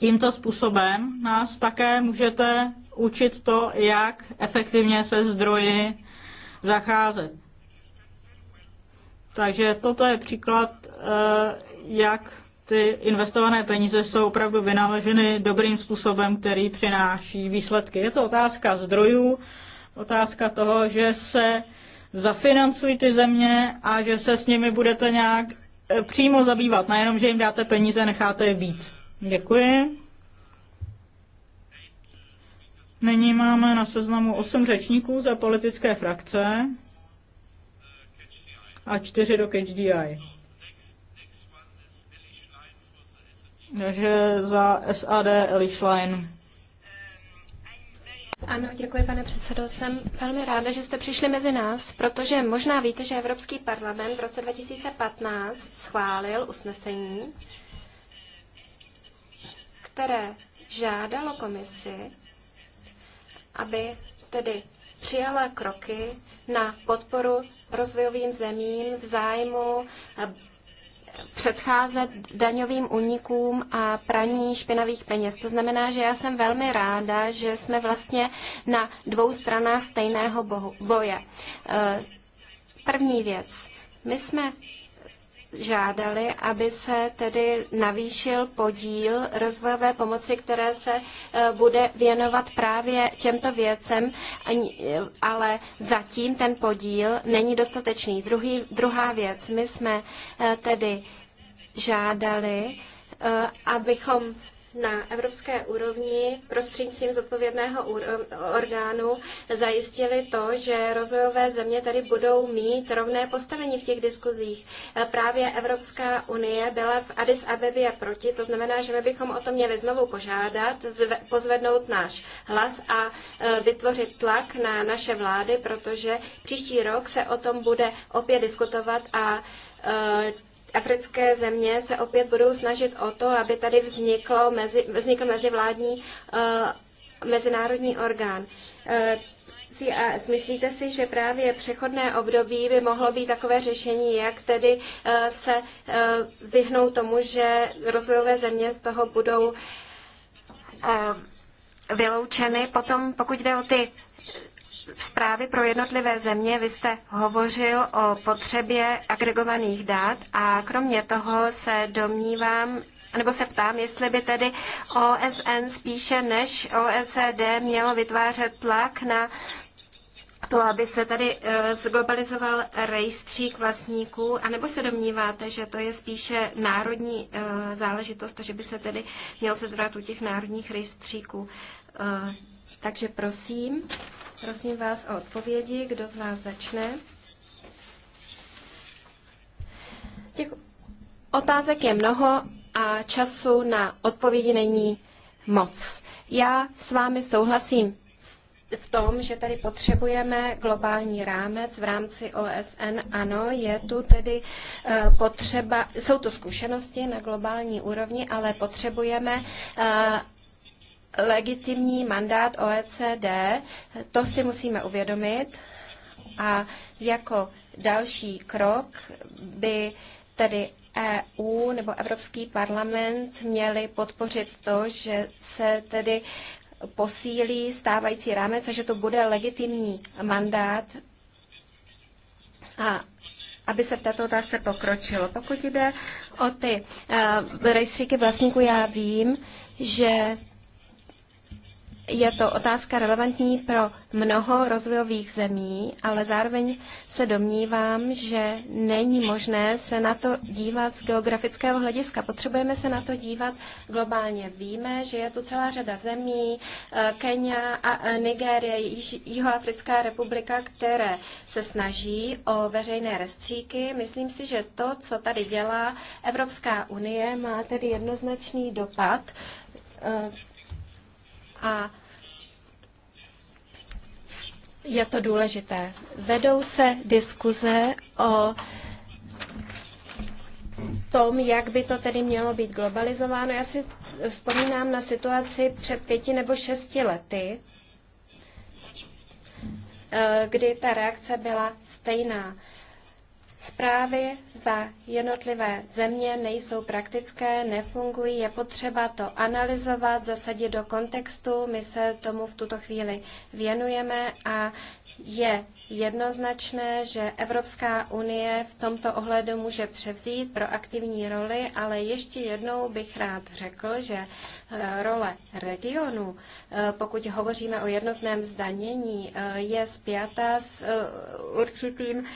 tímto způsobem nás také můžete učit to, jak efektivně se zdroji zacházet. Takže toto je příklad, eh, jak ty investované peníze jsou opravdu vynaloženy dobrým způsobem, který přináší výsledky. Je to otázka zdrojů, otázka toho, že se zafinancují ty země a že se s nimi budete nějak eh, přímo zabývat, nejenom, že jim dáte peníze, necháte je být. Děkuji. Nyní máme na seznamu 8 řečníků za politické frakce a 4 do CatchDI. že za SAD Eli Schlein. Ano, děkuji, pane předsedo. Jsem velmi ráda, že jste přišli mezi nás, protože možná víte, že Evropský parlament v roce 2015 schválil usnesení, které žádalo komisi, aby tedy přijala kroky na podporu rozvojovým zemím v zájmu předcházet daňovým únikům a praní špinavých peněz. To znamená, že já jsem velmi ráda, že jsme vlastně na dvou stranách stejného boje. Eh, první věc. My jsme žádali, aby se tedy navýšil podíl rozvojové pomoci, které se e, bude věnovat právě těmto věcem, e, ale zatím ten podíl není dostatečný. Druhý, druhá věc, my jsme e, tedy žádali, abychom na evropské úrovni prostřednictvím zodpovědného orgánu zajistili to, že rozvojové země tady budou mít rovné postavení v těch diskuzích. E, právě Evropská unie byla v Addis Abebě proti, to znamená, že my bychom o to měli znovu požádat, pozvednout náš hlas a e, vytvořit tlak na naše vlády, protože příští rok se o tom bude opět diskutovat a e, africké země se opět budou snažit o to, aby tady vzniklo mezi, vznikl mezivládní uh, mezinárodní orgán. Uh, eh, CAS. Myslíte si, že právě přechodné období by mohlo být takové řešení, jak tedy eh, se vyhnout tomu, že rozvojové země z toho budou vyloučeny? Potom, pokud jde o ty zprávy pro jednotlivé země vy jste hovořil o potřebě agregovaných dát a kromě toho se domnívám, nebo se ptám, jestli by tedy OSN spíše než OECD mělo vytvářet tlak na to, aby se tady e, zglobalizoval rejstřík vlastníků, anebo se domníváte, že to je spíše národní e, záležitost a že by se tedy měl setrvat u těch národních rejstříků. E, takže prosím. Prosím vás o odpovědi. Kdo z vás začne? Těch otázek je mnoho a času na odpovědi není moc. Já s vámi souhlasím v tom, že tady potřebujeme globální rámec v rámci OSN. Ano, je tu tedy e, potřeba, jsou tu zkušenosti na globální úrovni, ale potřebujeme e, legitimní mandát OECD, to si musíme uvědomit a jako další krok by tedy EU nebo Evropský parlament měli podpořit to, že se tedy posílí stávající rámec a že to bude legitimní mandát a aby se v této otázce pokročilo. Pokud jde o ty uh, rejstříky vlastníků, já vím, že je to otázka relevantní pro mnoho rozvojových zemí, ale zároveň se domnívám, že není možné se na to dívat z geografického hlediska. Potřebujeme se na to dívat globálně. Víme, že je tu celá řada zemí, eh, Kenia, a eh, Nigérie, Jihoafrická republika, které se snaží o veřejné restříky. Myslím si, že to, co tady dělá Evropská unie, má tedy jednoznačný dopad eh, a je to důležité. Vedou se diskuze o tom, jak by to tedy mělo být globalizováno. Já si vzpomínám na situaci před pěti nebo šesti lety, eh, kdy ta reakce byla stejná. Zprávy za jednotlivé země nejsou praktické, nefungují, je potřeba to analyzovat, zasadit do kontextu. My se tomu v tuto chvíli věnujeme a je jednoznačné, že Evropská unie v tomto ohledu může převzít proaktivní roli, ale ještě jednou bych rád řekl, že eh, role regionu, eh, pokud hovoříme o jednotném zdanění, eh, je spjata s určitým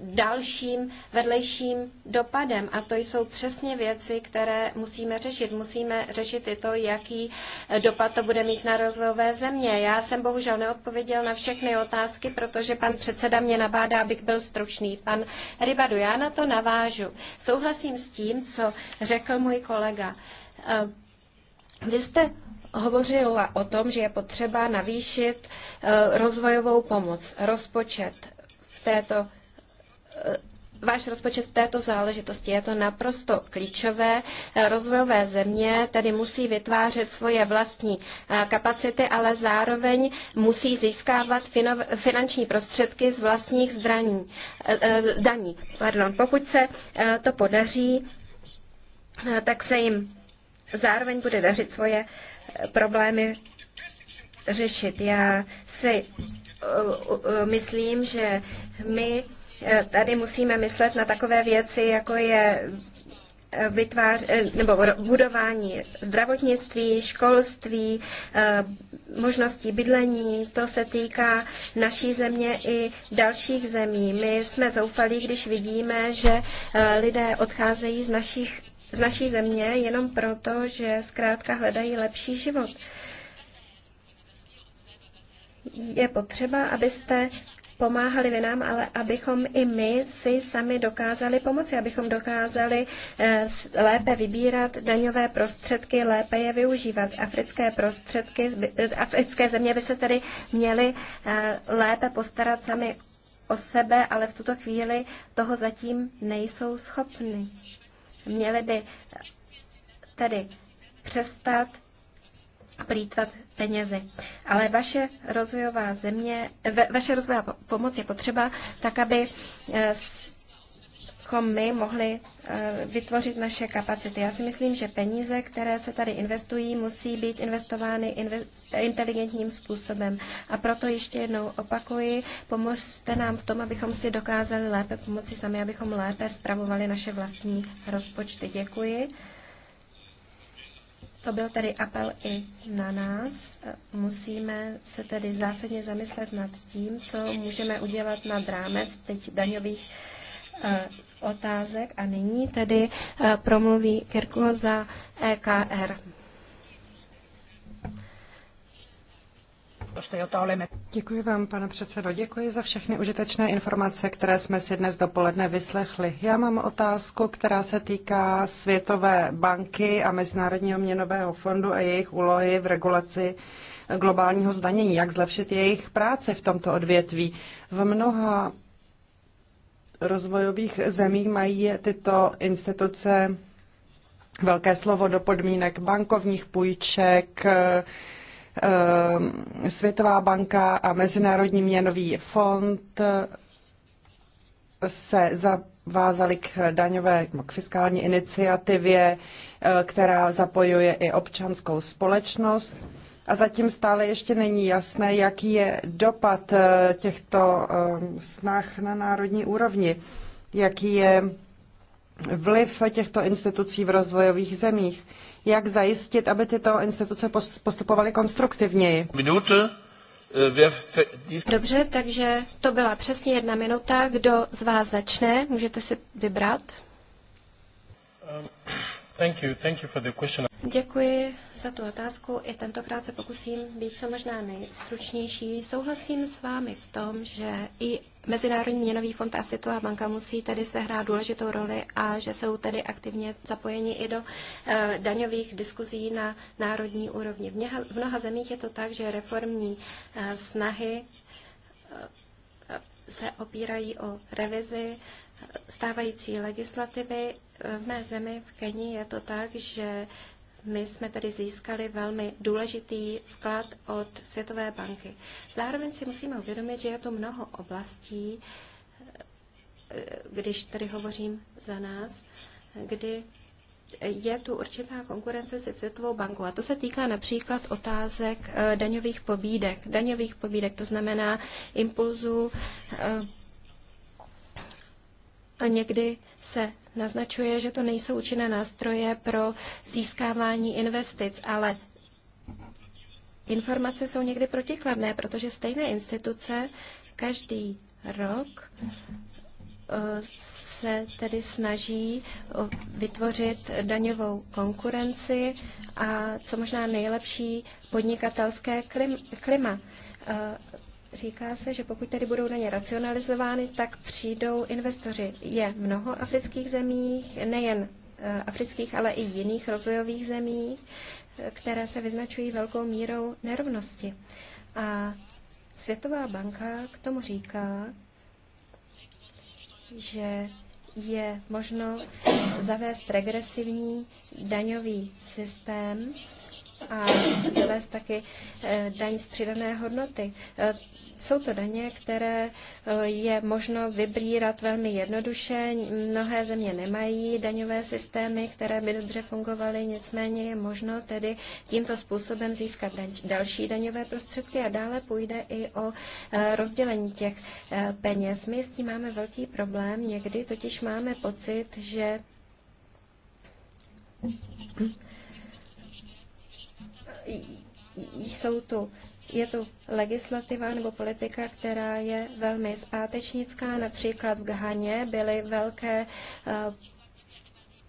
dalším vedlejším dopadem. A to jsou přesně věci, které musíme řešit. Musíme řešit i to, jaký dopad to bude mít na rozvojové země. Já jsem bohužel neodpověděl na všechny otázky, protože protože pan předseda mě nabádá, abych byl stručný. Pan Rybadu, já na to navážu. Souhlasím s tím, co řekl můj kolega. Eh, vy jste hovořila o tom, že je potřeba navýšit eh, rozvojovou pomoc, rozpočet v této eh, váš rozpočet v této záležitosti. Je to naprosto klíčové. Rozvojové země tedy musí vytvářet svoje vlastní eh, kapacity, ale zároveň musí získávat finanční prostředky z vlastních zdraní, eh, eh, daní. Pardon. Pokud se to podaří, tak se jim zároveň bude dařit svoje problémy řešit. Já si myslím, že my Eh, tady musíme myslet na takové věci, jako je eh, vytvář, eh, nebo budování zdravotnictví, školství, možností bydlení. To se týká naší země i dalších zemí. My jsme zoufalí, když vidíme, že lidé odcházejí z, našich, z naší země jenom proto, že zkrátka hledají lepší život je potřeba, abyste pomáhali vy nám, ale abychom i my si sami dokázali pomoci, abychom dokázali eh, lépe vybírat daňové prostředky, lépe je využívat. Africké prostředky, eh, africké země by se tedy měly eh, lépe postarat sami o sebe, ale v tuto chvíli toho zatím nejsou schopny. Měli by tedy přestat plítvat penězi. Ale vaše rozvojová země, vaše rozvojová pomoc je potřeba tak, aby eh, my mohli eh, vytvořit naše kapacity. Já si myslím, že peníze, které se tady investují, musí být investovány inteligentním způsobem. A proto ještě jednou opakuji, pomožte nám v tom, abychom si dokázali lépe pomoci sami, abychom lépe spravovali naše vlastní rozpočty. Děkuji. To byl tedy apel i na nás. Musíme se tedy zásadně zamyslet nad tím, co můžeme udělat nad rámec teď daňových eh, otázek. A nyní tedy eh, promluví Kirkuho za EKR. Děkuji vám, pane předsedo. Děkuji za všechny užitečné informace, které jsme si dnes dopoledne vyslechli. Já mám otázku, která se týká Světové banky a Mezinárodního měnového fondu a jejich úlohy v regulaci globálního zdanění, jak zlepšit jejich práci v tomto odvětví. V mnoha rozvojových zemích mají tyto instituce velké slovo do podmínek bankovních půjček, Eh, Světová banka a Mezinárodní měnový fond se zavázali k daňové, k fiskální iniciativě, eh, která zapojuje i občanskou společnost. A zatím stále ještě není jasné, jaký je dopad eh, těchto snah na národní úrovni, jaký je vliv těchto institucí v rozvojových zemích. Jak zajistit, aby tyto instituce postupovaly konstruktivněji? Minute. Eh, Dobře, takže to byla přesně jedna minuta. Kdo z vás začne? Můžete si vybrat. Um, thank you, thank you for the question. Děkuji za tu otázku. I tentokrát se pokusím být co možná nejstručnější. Souhlasím s vámi v tom, že i Mezinárodní měnový fond a Světová banka musí tedy sehrát důležitou roli a že jsou tedy aktivně zapojeni i do e, daňových diskuzí na národní úrovni. V, něha, v mnoha zemích je to tak, že reformní e, snahy e, se opírají o revizi stávající legislativy. V mé zemi v Keni je to tak, že my jsme tedy získali velmi důležitý vklad od Světové banky. Zároveň si musíme uvědomit, že je to mnoho oblastí, eh, když tady hovořím za nás, kdy je tu určitá konkurence se Světovou bankou. A to se týká například otázek eh, daňových pobídek. Daňových pobídek, to znamená impulzu eh, někdy se naznačuje, že to nejsou účinné nástroje pro získávání investic, ale informace jsou někdy protikladné, protože stejné instituce každý rok eh, se tedy snaží eh, vytvořit daňovou konkurenci a co možná nejlepší podnikatelské klima. Eh, Říká se, že pokud tedy budou daně racionalizovány, tak přijdou investoři. Je mnoho afrických zemí, nejen eh, afrických, ale i jiných rozvojových zemí, eh, které se vyznačují velkou mírou nerovnosti. A Světová banka k tomu říká, že je možno zavést regresivní daňový systém a zavést taky eh, daň z přidané hodnoty. Jsou to daně, které eh, je možno vybírat velmi jednoduše. Mnohé země nemají daňové systémy, které by dobře fungovaly, nicméně je možno tedy tímto způsobem získat další daňové prostředky a dále půjde i o eh, rozdělení těch eh, peněz. My s tím máme velký problém. Někdy totiž máme pocit, že jsou tu je tu legislativa nebo politika, která je velmi zpátečnická. Například v Ghaně byly velké eh,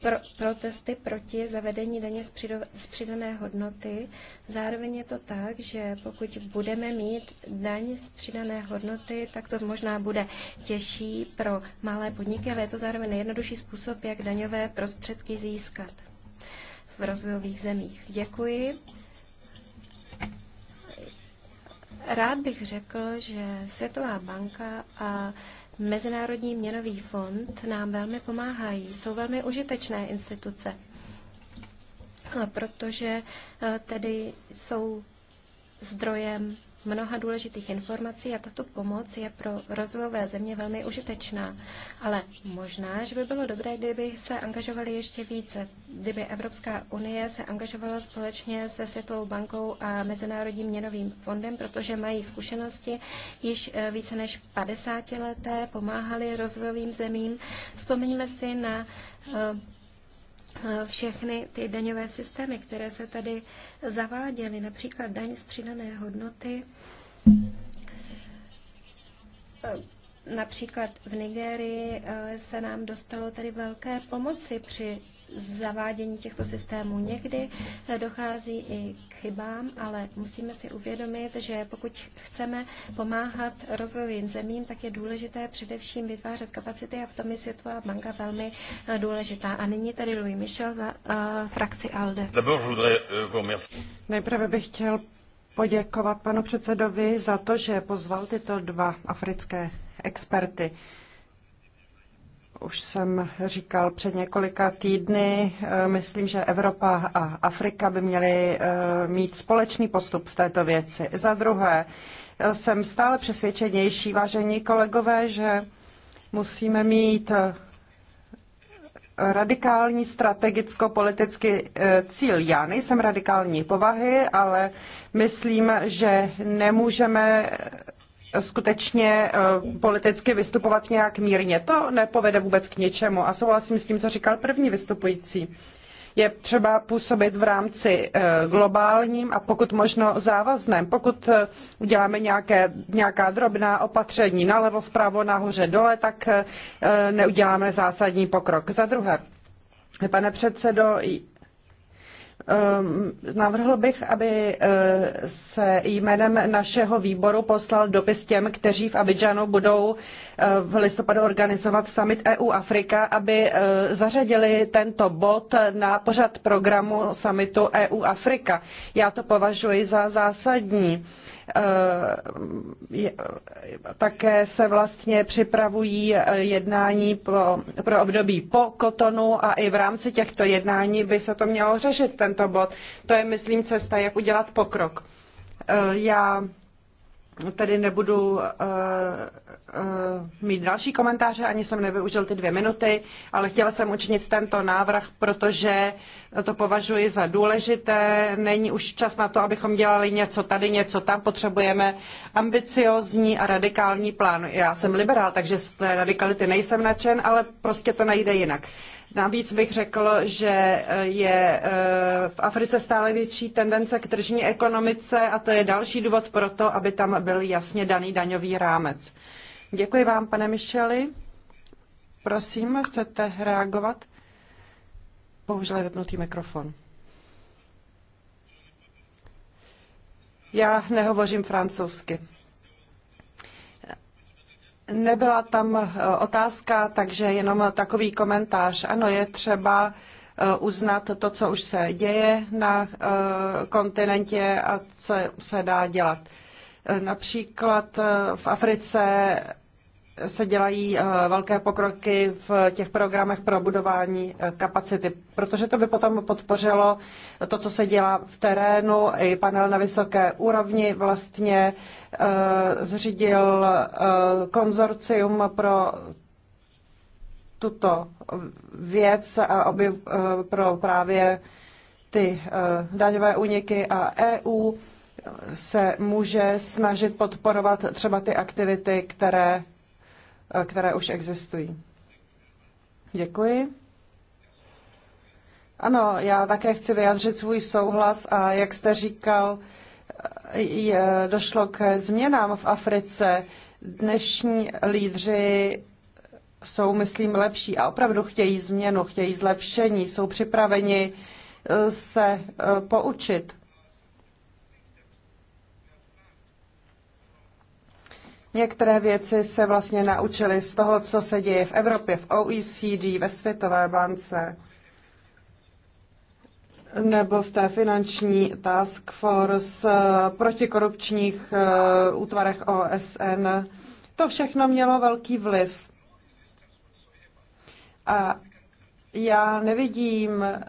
pro, protesty proti zavedení daně z, přido, z přidané hodnoty. Zároveň je to tak, že pokud budeme mít daň z přidané hodnoty, tak to možná bude těžší pro malé podniky, ale je to zároveň nejjednodušší způsob, jak daňové prostředky získat v rozvojových zemích. Děkuji. Rád bych řekl, že Světová banka a Mezinárodní měnový fond nám velmi pomáhají, jsou velmi užitečné instituce, protože eh, tedy jsou zdrojem mnoha důležitých informací a tato pomoc je pro rozvojové země velmi užitečná. Ale možná, že by bylo dobré, kdyby se angažovali ještě více, kdyby Evropská unie se angažovala společně se Světovou bankou a Mezinárodním měnovým fondem, protože mají zkušenosti již eh, více než 50 leté, pomáhali rozvojovým zemím. Vzpomeňme si na eh, všechny ty daňové systémy, které se tady zaváděly, například daň z přidané hodnoty, e, například v Nigérii e, se nám dostalo tady velké pomoci při zavádění těchto systémů. Někdy eh, dochází i k chybám, ale musíme si uvědomit, že pokud chceme pomáhat rozvojovým zemím, tak je důležité především vytvářet kapacity a v tom je Světová banka velmi eh, důležitá. A nyní tady Louis Michel za uh, frakci ALDE. Euh, Nejprve bych chtěl poděkovat panu předsedovi za to, že pozval tyto dva africké experty už jsem říkal před několika týdny, eh, myslím, že Evropa a Afrika by měly eh, mít společný postup v této věci. Za druhé, eh, jsem stále přesvědčenější, vážení kolegové, že musíme mít radikální strategicko-politický cíl. Já nejsem radikální povahy, ale myslím, že nemůžeme skutečně eh, politicky vystupovat nějak mírně. To nepovede vůbec k ničemu a souhlasím s tím, co říkal první vystupující. Je třeba působit v rámci eh, globálním a pokud možno závazném. Pokud eh, uděláme nějaké, nějaká drobná opatření nalevo, vpravo, nahoře, dole, tak neuděláme zásadní pokrok. Za druhé, pane předsedo, Ehm, navrhl bych, aby eh, se jménem našeho výboru poslal dopis těm, kteří v Abidžanu budou eh, v listopadu organizovat summit EU Afrika, aby eh, zařadili tento bod na pořad programu summitu EU Afrika. Já to považuji za zásadní Eh, také se vlastně připravují eh, jednání pro, pro období po Kotonu a i v rámci těchto jednání by se to mělo řešit, tento bod. To je, myslím, cesta, jak udělat pokrok. Eh, já Tady nebudu uh, uh, mít další komentáře, ani jsem nevyužil ty dvě minuty, ale chtěla jsem učinit tento návrh, protože to považuji za důležité. Není už čas na to, abychom dělali něco tady, něco tam. Potřebujeme ambiciozní a radikální plán. Já jsem liberál, takže z té radikality nejsem nadšen, ale prostě to najde jinak. Navíc bych řekl, že eh, je eh, v Africe stále větší tendence k tržní ekonomice a to je další důvod pro to, aby tam byl jasně daný daňový rámec. Děkuji vám, pane Mišeli. Prosím, chcete reagovat? Bohužel je vypnutý mikrofon. Já nehovořím francouzsky. Nebyla tam eh, otázka, takže jenom takový komentář. Ano, je třeba eh, uznat to, co už se děje na eh, kontinentě a co se dá dělat. Například v Africe se dělají eh, velké pokroky v těch programech pro budování eh, kapacity, protože to by potom podpořilo to, co se dělá v terénu. I panel na vysoké úrovni vlastně eh, zřídil konzorcium pro tuto věc a objev, pro právě ty daňové úniky a EU se může snažit podporovat třeba ty aktivity, které které už existují. Děkuji. Ano, já také chci vyjádřit svůj souhlas a jak jste říkal, je, došlo k změnám v Africe. Dnešní lídři jsou, myslím, lepší a opravdu chtějí změnu, chtějí zlepšení, jsou připraveni se eh, poučit. Některé věci se vlastně naučili z toho, co se děje v Evropě, v OECD, ve Světové bance nebo v té finanční task force, eh, protikorupčních eh, útvarech OSN. To všechno mělo velký vliv. A já nevidím, eh,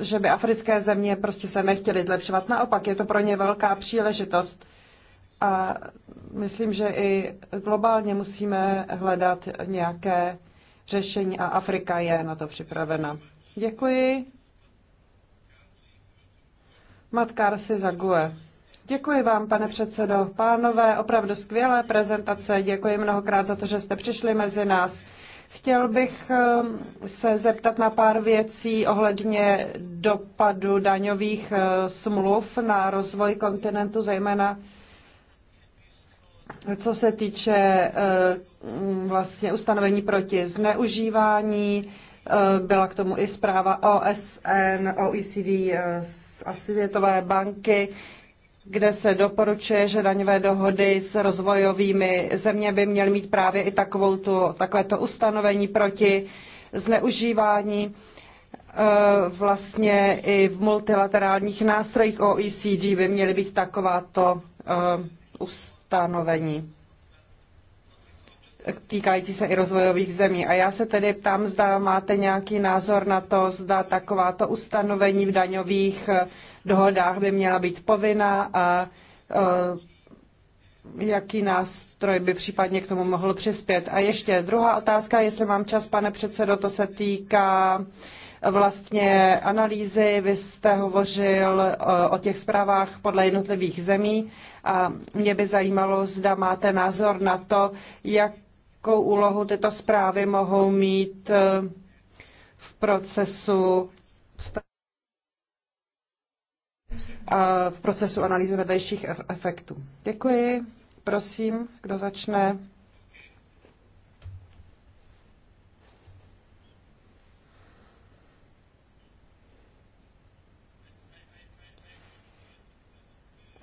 že by africké země prostě se nechtěly zlepšovat. Naopak, je to pro ně velká příležitost. A myslím, že i globálně musíme hledat nějaké řešení a Afrika je na to připravena. Děkuji. Matkár si zague. Děkuji vám, pane předsedo. Pánové, opravdu skvělé prezentace. Děkuji mnohokrát za to, že jste přišli mezi nás. Chtěl bych ehm, se zeptat na pár věcí ohledně dopadu daňových ehm, smluv na rozvoj kontinentu, zejména co se týče eh, vlastně ustanovení proti zneužívání, eh, byla k tomu i zpráva OSN, OECD eh, a Světové banky, kde se doporučuje, že daňové dohody s rozvojovými země by měly mít právě i takovou tu, takovéto ustanovení proti zneužívání vlastně i v multilaterálních nástrojích OECD by měly být takováto uh, ustanovení týkající se i rozvojových zemí. A já se tedy ptám, zda máte nějaký názor na to, zda takováto ustanovení v daňových eh, dohodách by měla být povinná a eh, jaký nástroj by případně k tomu mohl přispět. A ještě druhá otázka, jestli mám čas, pane předsedo, to se týká vlastně analýzy. Vy jste hovořil o těch zprávách podle jednotlivých zemí a mě by zajímalo, zda máte názor na to, jakou úlohu tyto zprávy mohou mít e, v procesu v procesu analýzy vedlejších efektů. Děkuji. Prosím, kdo začne?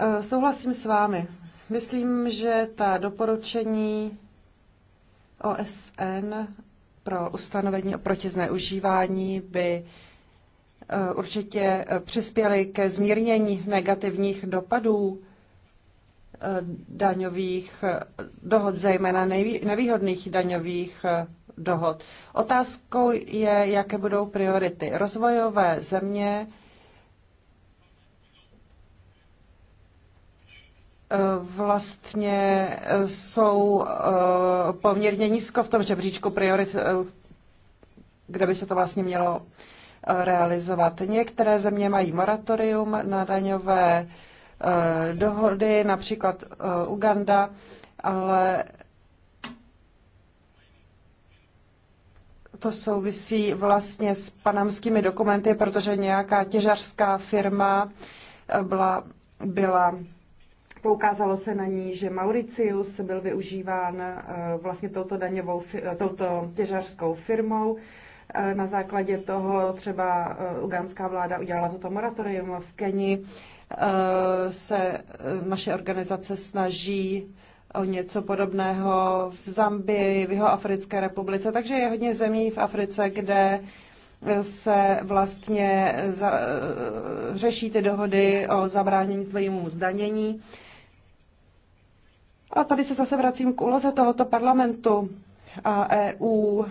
Eh, souhlasím s vámi. Myslím, že ta doporučení OSN pro ustanovení o protizneužívání by eh, určitě eh, přispěly ke zmírnění negativních dopadů daňových dohod, zejména nevýhodných daňových dohod. Otázkou je, jaké budou priority. Rozvojové země vlastně eh, jsou eh, poměrně nízko v tom žebříčku priorit, eh, kde by se to vlastně mělo realizovat. Některé země mají moratorium na daňové dohody, například Uganda, ale to souvisí vlastně s panamskými dokumenty, protože nějaká těžařská firma byla, byla Poukázalo se na ní, že Mauricius byl využíván eh, vlastně touto, daňovou, eh, touto těžařskou firmou. Eh, na základě toho třeba ugánská vláda udělala toto moratorium v Keni. Se naše organizace snaží o něco podobného v Zambii, v jeho Africké republice. Takže je hodně zemí v Africe, kde se vlastně za, řeší ty dohody o zabránění dvojímu zdanění. A tady se zase vracím k úloze tohoto parlamentu a EU.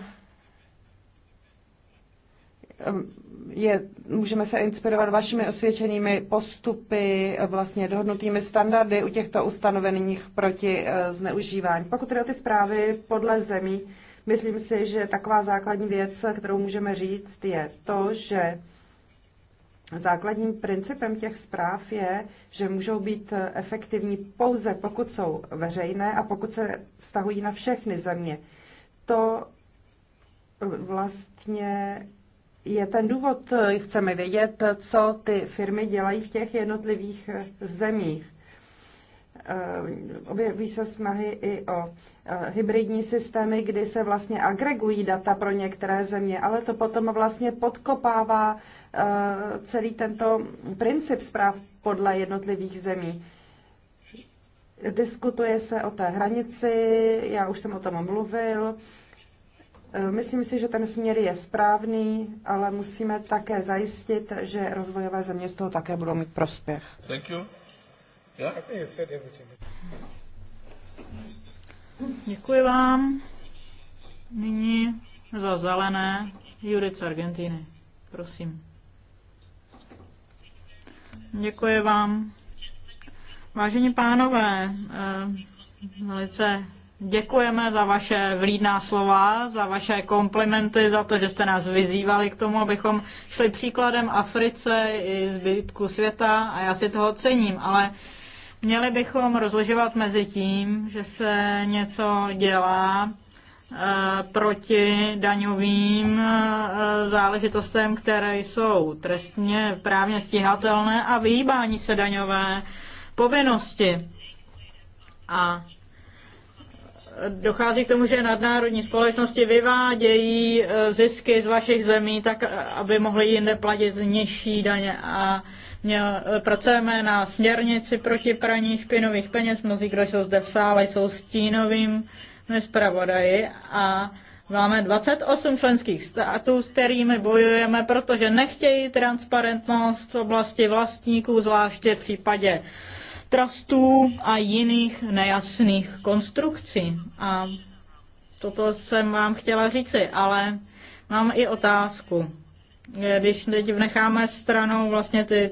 Ehm, je, můžeme se inspirovat vašimi osvědčenými postupy, vlastně dohodnutými standardy u těchto ustanoveních proti eh, zneužívání. Pokud tedy o ty zprávy podle zemí, myslím si, že taková základní věc, kterou můžeme říct, je to, že Základním principem těch zpráv je, že můžou být efektivní pouze pokud jsou veřejné a pokud se vztahují na všechny země. To vlastně je ten důvod, chceme vědět, co ty firmy dělají v těch jednotlivých zemích. Eh, objeví se snahy i o eh, hybridní systémy, kdy se vlastně agregují data pro některé země, ale to potom vlastně podkopává eh, celý tento princip zpráv podle jednotlivých zemí. Diskutuje se o té hranici, já už jsem o tom mluvil. Myslím si, že ten směr je správný, ale musíme také zajistit, že rozvojové země z toho také budou mít prospěch. Thank you. Děkuji vám. Nyní za zelené Judith z Argentiny. Prosím. Děkuji vám. Vážení pánové, eh, velice děkujeme za vaše vlídná slova, za vaše komplimenty, za to, že jste nás vyzývali k tomu, abychom šli příkladem Africe i zbytku světa a já si toho cením, ale Měli bychom rozlišovat mezi tím, že se něco dělá eh, proti daňovým eh, záležitostem, které jsou trestně právně stíhatelné a vyhýbání se daňové povinnosti. A dochází k tomu, že nadnárodní společnosti vyvádějí eh, zisky z vašich zemí tak, aby mohly jinde platit nižší daně a Měl, eh, pracujeme na směrnici proti praní špinových peněz. Mnozí, kdo jsou zde v sále, jsou stínovým zpravodaji a Máme 28 členských států, s kterými bojujeme, protože nechtějí transparentnost v oblasti vlastníků, zvláště v případě trustů a jiných nejasných konstrukcí. A toto jsem vám chtěla říci, ale mám i otázku. Když teď necháme stranou vlastně ty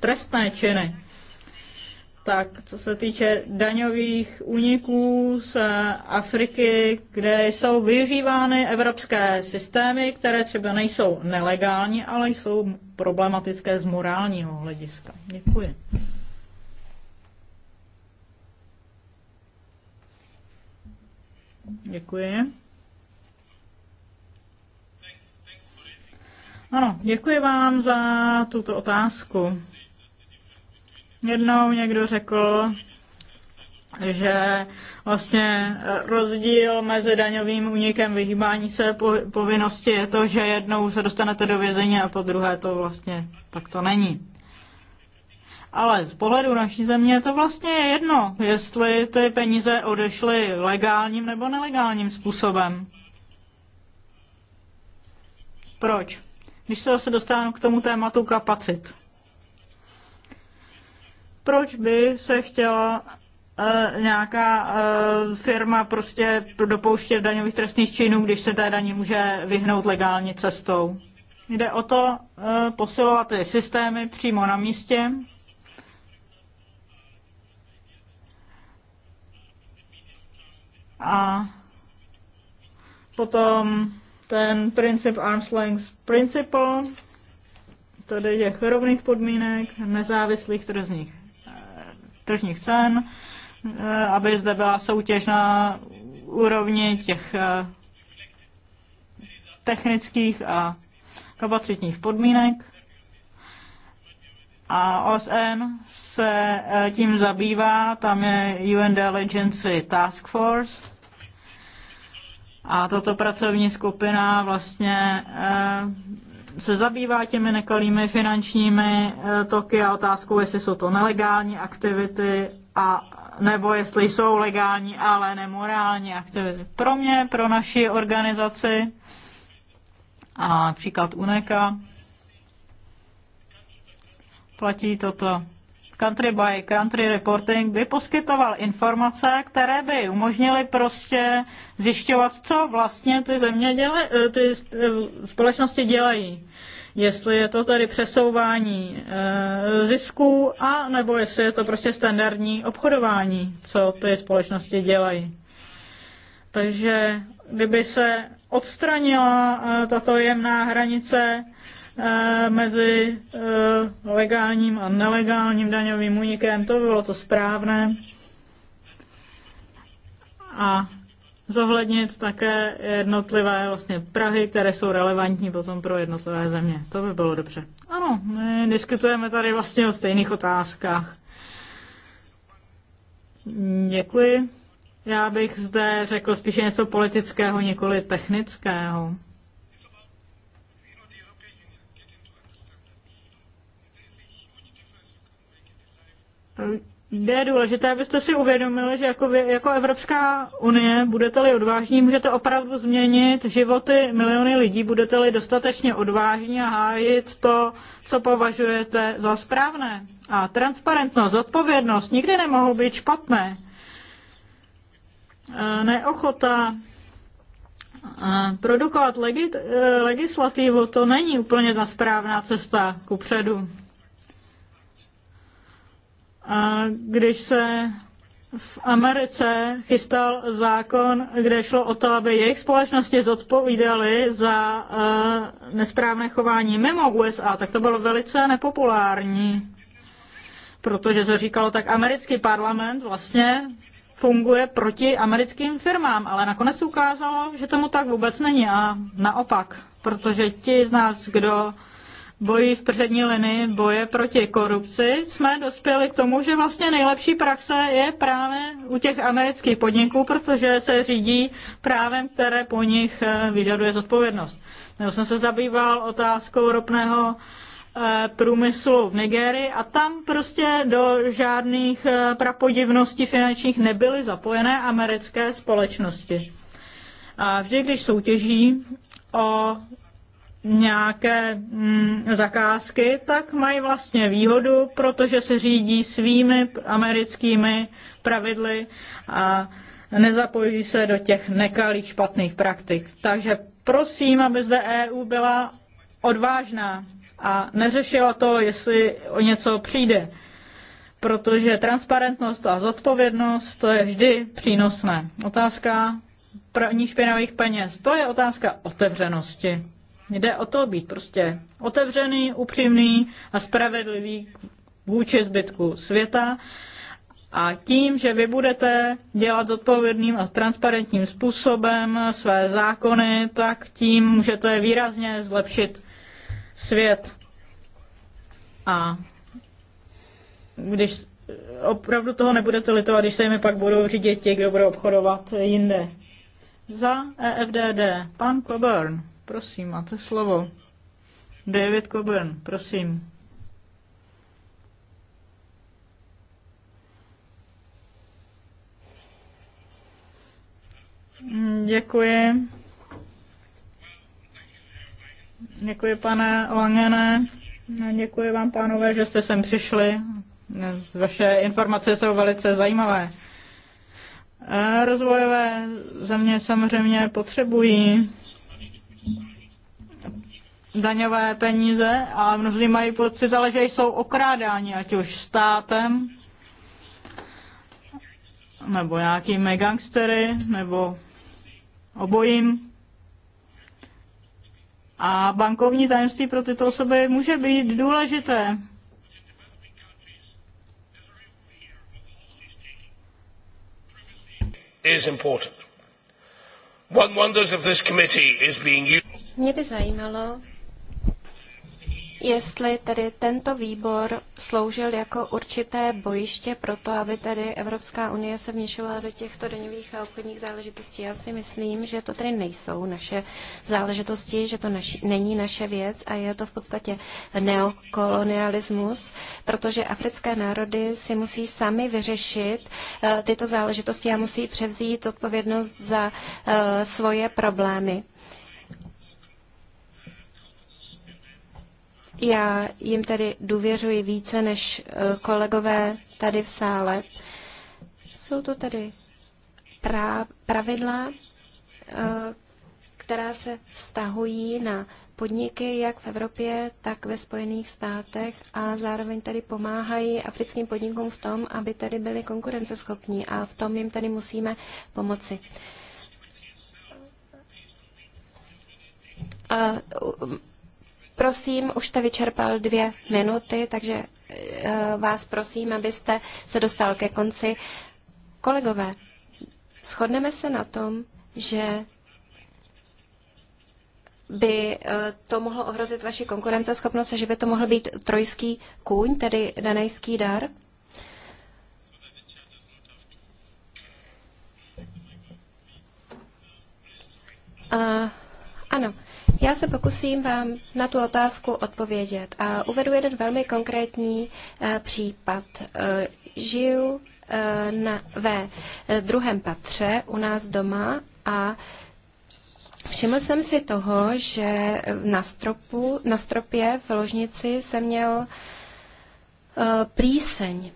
trestné činy. Tak, co se týče daňových úniků z Afriky, kde jsou využívány evropské systémy, které třeba nejsou nelegální, ale jsou problematické z morálního hlediska. Děkuji. Děkuji. Ano, děkuji vám za tuto otázku. Jednou někdo řekl, že vlastně rozdíl mezi daňovým únikem vyhýbání se po, povinnosti je to, že jednou se dostanete do vězení a po druhé to vlastně tak to není. Ale z pohledu naší země to vlastně je jedno, jestli ty peníze odešly legálním nebo nelegálním způsobem. Proč? Když se zase dostanu k tomu tématu kapacit. Proč by se chtěla e, nějaká e, firma prostě dopouštět daňových trestných činů, když se té daní může vyhnout legální cestou? Jde o to e, posilovat ty systémy přímo na místě, a potom ten princip arm's length principle, tedy těch rovných podmínek, nezávislých tržních, eh, tržních cen, eh, aby zde byla soutěž na úrovni těch eh, technických a kapacitních podmínek. A OSN se tím zabývá, tam je UN Delegency Task Force, a tato pracovní skupina vlastně eh, se zabývá těmi nekalými finančními eh, toky a otázkou, jestli jsou to nelegální aktivity a nebo jestli jsou legální, ale nemorální aktivity. Pro mě, pro naši organizaci a například UNECA platí toto country by country reporting by poskytoval informace, které by umožnily prostě zjišťovat, co vlastně ty země děle, eh, ty eh, společnosti dělají. Jestli je to tedy přesouvání e, zisků a nebo jestli je to prostě standardní obchodování, co ty společnosti dělají. Takže kdyby se odstranila tato jemná hranice, Eh, mezi eh, legálním a nelegálním daňovým únikem. To bylo to správné. A zohlednit také jednotlivé vlastně Prahy, které jsou relevantní potom pro jednotlivé země. To by bylo dobře. Ano, my diskutujeme tady vlastně o stejných otázkách. Děkuji. Já bych zde řekl spíše něco politického, nikoli technického. je důležité, abyste si uvědomili, že jako, jako Evropská unie budete-li odvážní, můžete opravdu změnit životy miliony lidí, budete-li dostatečně odvážní a hájit to, co považujete za správné. A transparentnost, odpovědnost nikdy nemohou být špatné. E, neochota e, produkovat legit, e, legislativu, to není úplně ta správná cesta ku předu. A když se v Americe chystal zákon, kde šlo o to, aby jejich společnosti zodpovídaly za uh, nesprávné chování mimo USA, tak to bylo velice nepopulární, protože se říkalo, tak americký parlament vlastně funguje proti americkým firmám, ale nakonec ukázalo, že tomu tak vůbec není a naopak, protože ti z nás, kdo uh, boji v přední linii boje proti korupci jsme dospěli k tomu, že vlastně nejlepší praxe je právě u těch amerických podniků, protože se řídí právem, které po nich eh, vyžaduje zodpovědnost. Já jsem se zabýval otázkou ropného eh, průmyslu v Nigerii a tam prostě do žádných eh, prapodivností finančních nebyly zapojené americké společnosti. A vždy, když soutěží o nějaké mm, zakázky, tak mají vlastně výhodu, protože se řídí svými americkými pravidly a nezapojí se do těch nekalých špatných praktik. Takže prosím, aby zde EU byla odvážná a neřešila to, jestli o něco přijde, protože transparentnost a zodpovědnost to je vždy přínosné. Otázka pro ní špinavých peněz, to je otázka otevřenosti. Jde o to být prostě otevřený, upřímný a spravedlivý vůči zbytku světa. A tím, že vy budete dělat odpovědným a transparentním způsobem své zákony, tak tím můžete výrazně zlepšit svět. A když opravdu toho nebudete litovat, když se jimi pak budou řídit ti, kdo budou obchodovat jinde. Za EFDD, pan Coburn. Prosím, máte slovo. David Coburn, prosím. Děkuji. Děkuji, pane Langene. Děkuji vám, pánové, že jste sem přišli. Vaše informace jsou velice zajímavé. Rozvojové země samozřejmě potřebují daňové peníze, a mnozí mají pocit, ale že jsou okrádáni, ať už státem, nebo nějakými gangstery, nebo obojím. A bankovní tajemství pro tyto osoby může být důležité. Mě by zajímalo, jestli tedy tento výbor sloužil jako určité bojiště pro to, aby tedy Evropská unie se vměšovala do těchto daňových a obchodních záležitostí. Já si myslím, že to tedy nejsou naše záležitosti, že to naši, není naše věc a je to v podstatě neokolonialismus, protože africké národy si musí sami vyřešit uh, tyto záležitosti a musí převzít odpovědnost za uh, svoje problémy. Já jim tedy důvěřuji více než eh, kolegové tady v sále. Jsou to tedy pra, pravidla, eh, která se vztahují na podniky jak v Evropě, tak ve Spojených státech a zároveň tady pomáhají africkým podnikům v tom, aby tady byli konkurenceschopní a v tom jim tady musíme pomoci. A eh, Prosím, už jste vyčerpal dvě minuty, takže eh, vás prosím, abyste se dostal ke konci. Kolegové, shodneme se na tom, že by eh, to mohlo ohrozit vaši konkurenceschopnost a že by to mohl být trojský kůň, tedy danejský dar? Uh, ano, já se pokusím vám na tu otázku odpovědět a uvedu jeden velmi konkrétní eh, případ. Eh, žiju eh, na, ve druhém patře u nás doma a Všiml jsem si toho, že na, stropu, na stropě v ložnici jsem měl plíseň,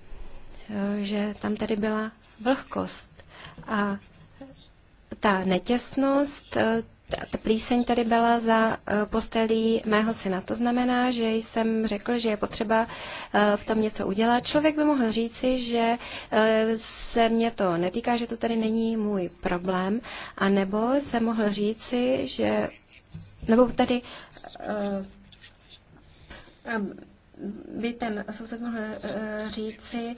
že tam tedy byla vlhkost. A ta netěsnost, ta plíseň tady byla za e, postelí mého syna. To znamená, že jsem řekl, že je potřeba e, v tom něco udělat. Člověk by mohl říci, že e, se mě to netýká, že to tady není můj problém, a nebo se mohl říci, že nebo tady by ten soused mohl říci,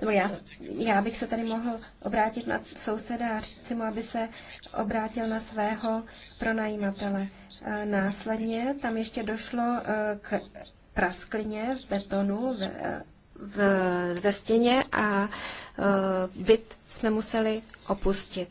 nebo já, já bych se tady mohl obrátit na souseda a říct mu, aby se obrátil na svého pronajímatele. E, následně tam ještě došlo e, k prasklině v betonu, v, ve, ve stěně a e, byt jsme museli opustit.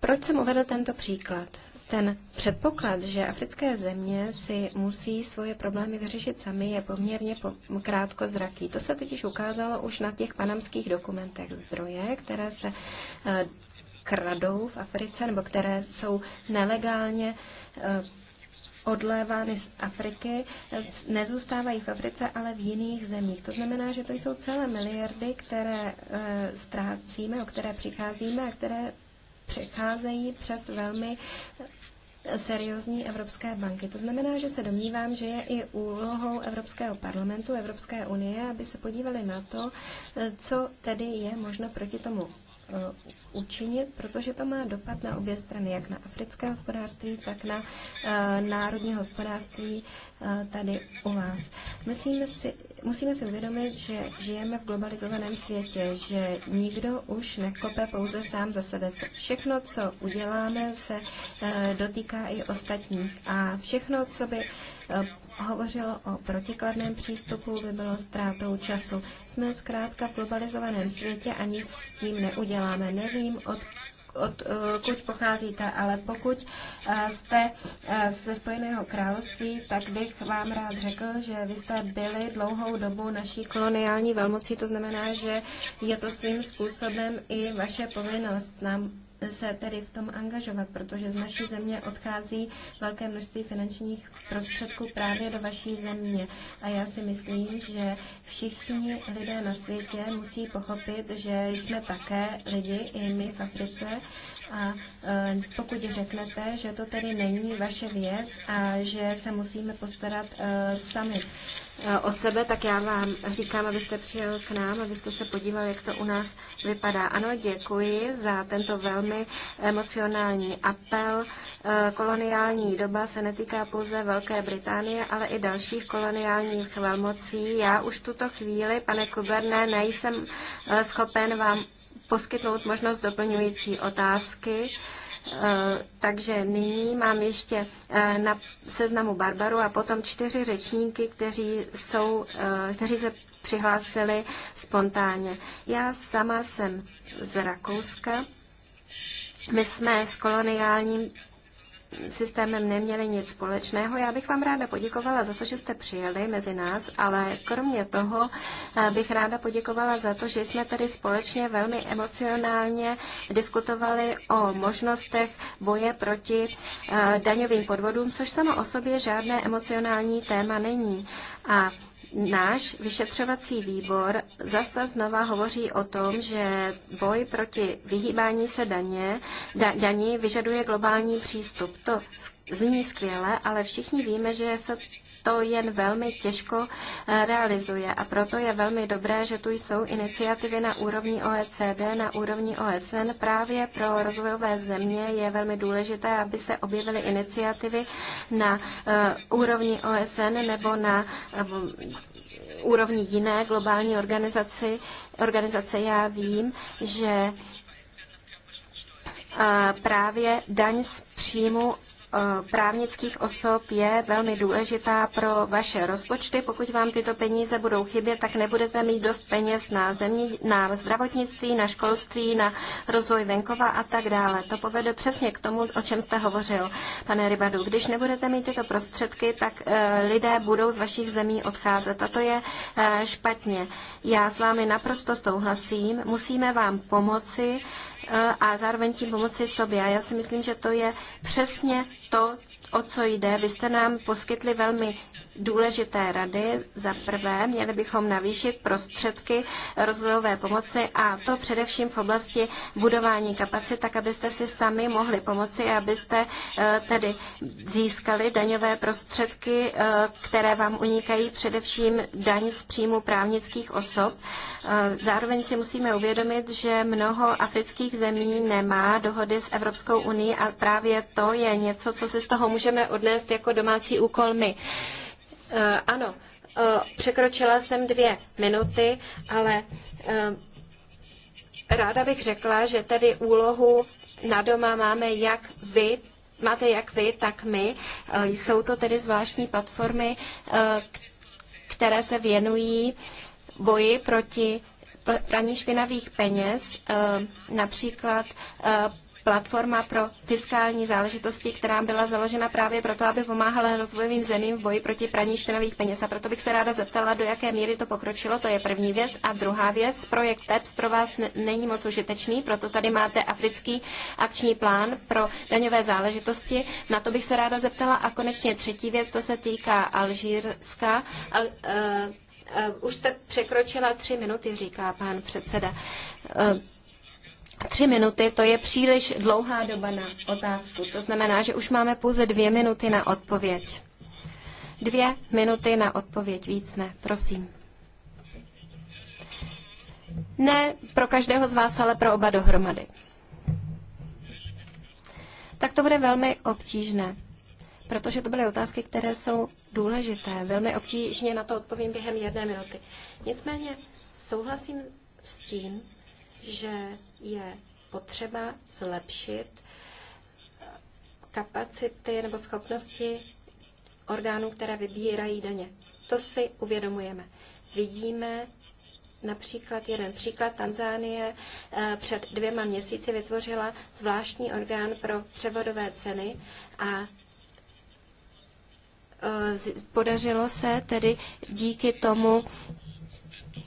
Proč jsem uvedl tento příklad? Ten předpoklad, že africké země si musí svoje problémy vyřešit sami, je poměrně po, krátko zraký. To se totiž ukázalo už na těch panamských dokumentech zdroje, které se eh, kradou v Africe nebo které jsou nelegálně eh, odlévány z Afriky, nezůstávají v Africe, ale v jiných zemích. To znamená, že to jsou celé miliardy, které e, ztrácíme, o které přicházíme a které přecházejí přes velmi seriózní evropské banky. To znamená, že se domnívám, že je i úlohou Evropského parlamentu, Evropské unie, aby se podívali na to, co tedy je možno proti tomu Eh, učinit, protože to má dopad na obě strany, jak na africké hospodářství, tak na eh, národní hospodářství eh, tady u vás. Musíme si, musíme si uvědomit, že žijeme v globalizovaném světě, že nikdo už nekope pouze sám za sebe. Všechno, co uděláme, se dotýká i ostatních a všechno, co by hovořilo o protikladném přístupu, by bylo ztrátou času. Jsme zkrátka v globalizovaném světě a nic s tím neuděláme. Nevím, od od eh, kud pocházíte, ale pokud eh, jste eh, ze Spojeného království, tak bych vám rád řekl, že vy jste byli dlouhou dobu naší koloniální velmocí, to znamená, že je to svým způsobem i vaše povinnost nám se tedy v tom angažovat, protože z naší země odchází velké množství finančních prostředků právě do vaší země. A já si myslím, že všichni lidé na světě musí pochopit, že jsme také lidi, i my v Africe, a e, pokud řeknete, že to tedy není vaše věc a že se musíme postarat e, sami e, o sebe, tak já vám říkám, abyste přijel k nám, abyste se podíval, jak to u nás vypadá. Ano, děkuji za tento velmi emocionální apel. Koloniální doba se netýká pouze Velké Británie, ale i dalších koloniálních velmocí. Já už tuto chvíli, pane Kuberné, nejsem schopen vám poskytnout možnost doplňující otázky. E, takže nyní mám ještě e, na seznamu Barbaru a potom čtyři řečníky, kteří, jsou, e, kteří se přihlásili spontánně. Já sama jsem z Rakouska. My jsme s koloniálním systémem neměli nic společného. Já bych vám ráda poděkovala za to, že jste přijeli mezi nás, ale kromě toho eh, bych ráda poděkovala za to, že jsme tady společně velmi emocionálně diskutovali o možnostech boje proti eh, daňovým podvodům, což samo o sobě žádné emocionální téma není. A Náš vyšetřovací výbor zase znova hovoří o tom, že boj proti vyhýbání se daně, da, daní vyžaduje globální přístup. To zní skvěle, ale všichni víme, že se to jen velmi těžko eh, realizuje. A proto je velmi dobré, že tu jsou iniciativy na úrovni OECD, na úrovni OSN. Právě pro rozvojové země je velmi důležité, aby se objevily iniciativy na eh, úrovni OSN nebo na eh, úrovni jiné globální organizaci, organizace já vím, že právě daň z příjmu Eh, právnických osob je velmi důležitá pro vaše rozpočty. Pokud vám tyto peníze budou chybět, tak nebudete mít dost peněz na, zemí, na zdravotnictví, na školství, na rozvoj venkova a tak dále. To povede přesně k tomu, o čem jste hovořil, pane Rybadu. Když nebudete mít tyto prostředky, tak eh, lidé budou z vašich zemí odcházet a to je eh, špatně. Já s vámi naprosto souhlasím. Musíme vám pomoci a zároveň tím pomoci sobě. A já si myslím, že to je přesně to, o co jde. Vy jste nám poskytli velmi důležité rady. Za prvé, měli bychom navýšit prostředky rozvojové pomoci a to především v oblasti budování kapacit, tak abyste si sami mohli pomoci, a abyste eh, tedy získali daňové prostředky, eh, které vám unikají především daň z příjmu právnických osob. Eh, zároveň si musíme uvědomit, že mnoho afrických zemí nemá dohody s Evropskou unii a právě to je něco, co si z toho může můžeme odnést jako domácí úkol my. E, ano, e, překročila jsem dvě minuty, ale e, ráda bych řekla, že tedy úlohu na doma máme jak vy, máte jak vy, tak my. Jsou to tedy zvláštní platformy, které se věnují boji proti praní špinavých peněz, například platforma pro fiskální záležitosti, která byla založena právě proto, aby pomáhala rozvojovým zemím v boji proti praní špinavých peněz. A proto bych se ráda zeptala, do jaké míry to pokročilo. To je první věc. A druhá věc, projekt PEPS pro vás není moc užitečný, proto tady máte africký akční plán pro daňové záležitosti. Na to bych se ráda zeptala. A konečně třetí věc, to se týká Alžírska. Al, uh, uh, už jste překročila tři minuty, říká pán předseda. Uh, Tři minuty to je příliš dlouhá doba na otázku. To znamená, že už máme pouze dvě minuty na odpověď. Dvě minuty na odpověď, víc ne, prosím. Ne pro každého z vás, ale pro oba dohromady. Tak to bude velmi obtížné, protože to byly otázky, které jsou důležité. Velmi obtížně na to odpovím během jedné minuty. Nicméně souhlasím s tím, že je potřeba zlepšit kapacity nebo schopnosti orgánů, které vybírají daně. To si uvědomujeme. Vidíme například jeden příklad Tanzánie eh, před dvěma měsíci vytvořila zvláštní orgán pro převodové ceny a eh, podařilo se tedy díky tomu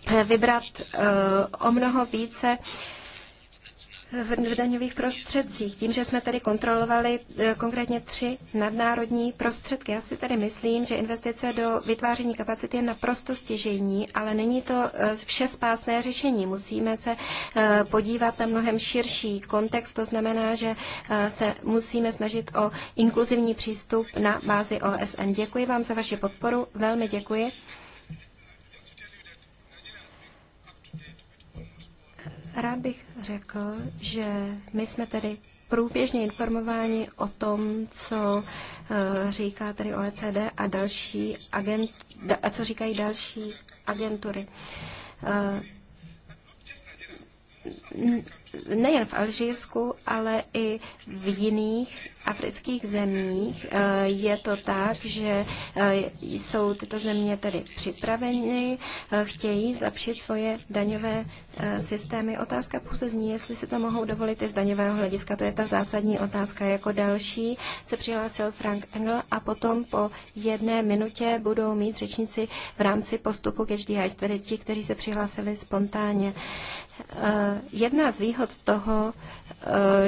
eh, vybrat o mnoho více v daňových prostředcích, tím, že jsme tedy kontrolovali eh, konkrétně tři nadnárodní prostředky. Já si tedy myslím, že investice do vytváření kapacity je naprosto stěžení, ale není to eh, vše spásné řešení. Musíme se eh, podívat na mnohem širší kontext, to znamená, že se musíme snažit o inkluzivní přístup na bázi OSN. Děkuji vám za vaši podporu, velmi děkuji. Rád bych řekl, že my jsme tedy průběžně informováni o tom, co eh, říká tedy OECD a další agent, a co říkají další agentury eh, nejen v Alžírsku, ale i v jiných afrických zemích eh, je to tak, že eh, jsou tyto země tedy připraveny, eh, chtějí zlepšit svoje daňové systémy. Otázka pouze zní, jestli si to mohou dovolit i z daňového hlediska. To je ta zásadní otázka. Jako další se přihlásil Frank Engel a potom po jedné minutě budou mít řečníci v rámci postupu když HDI, tedy ti, kteří se přihlásili spontánně. Eh, jedna z výhod toho,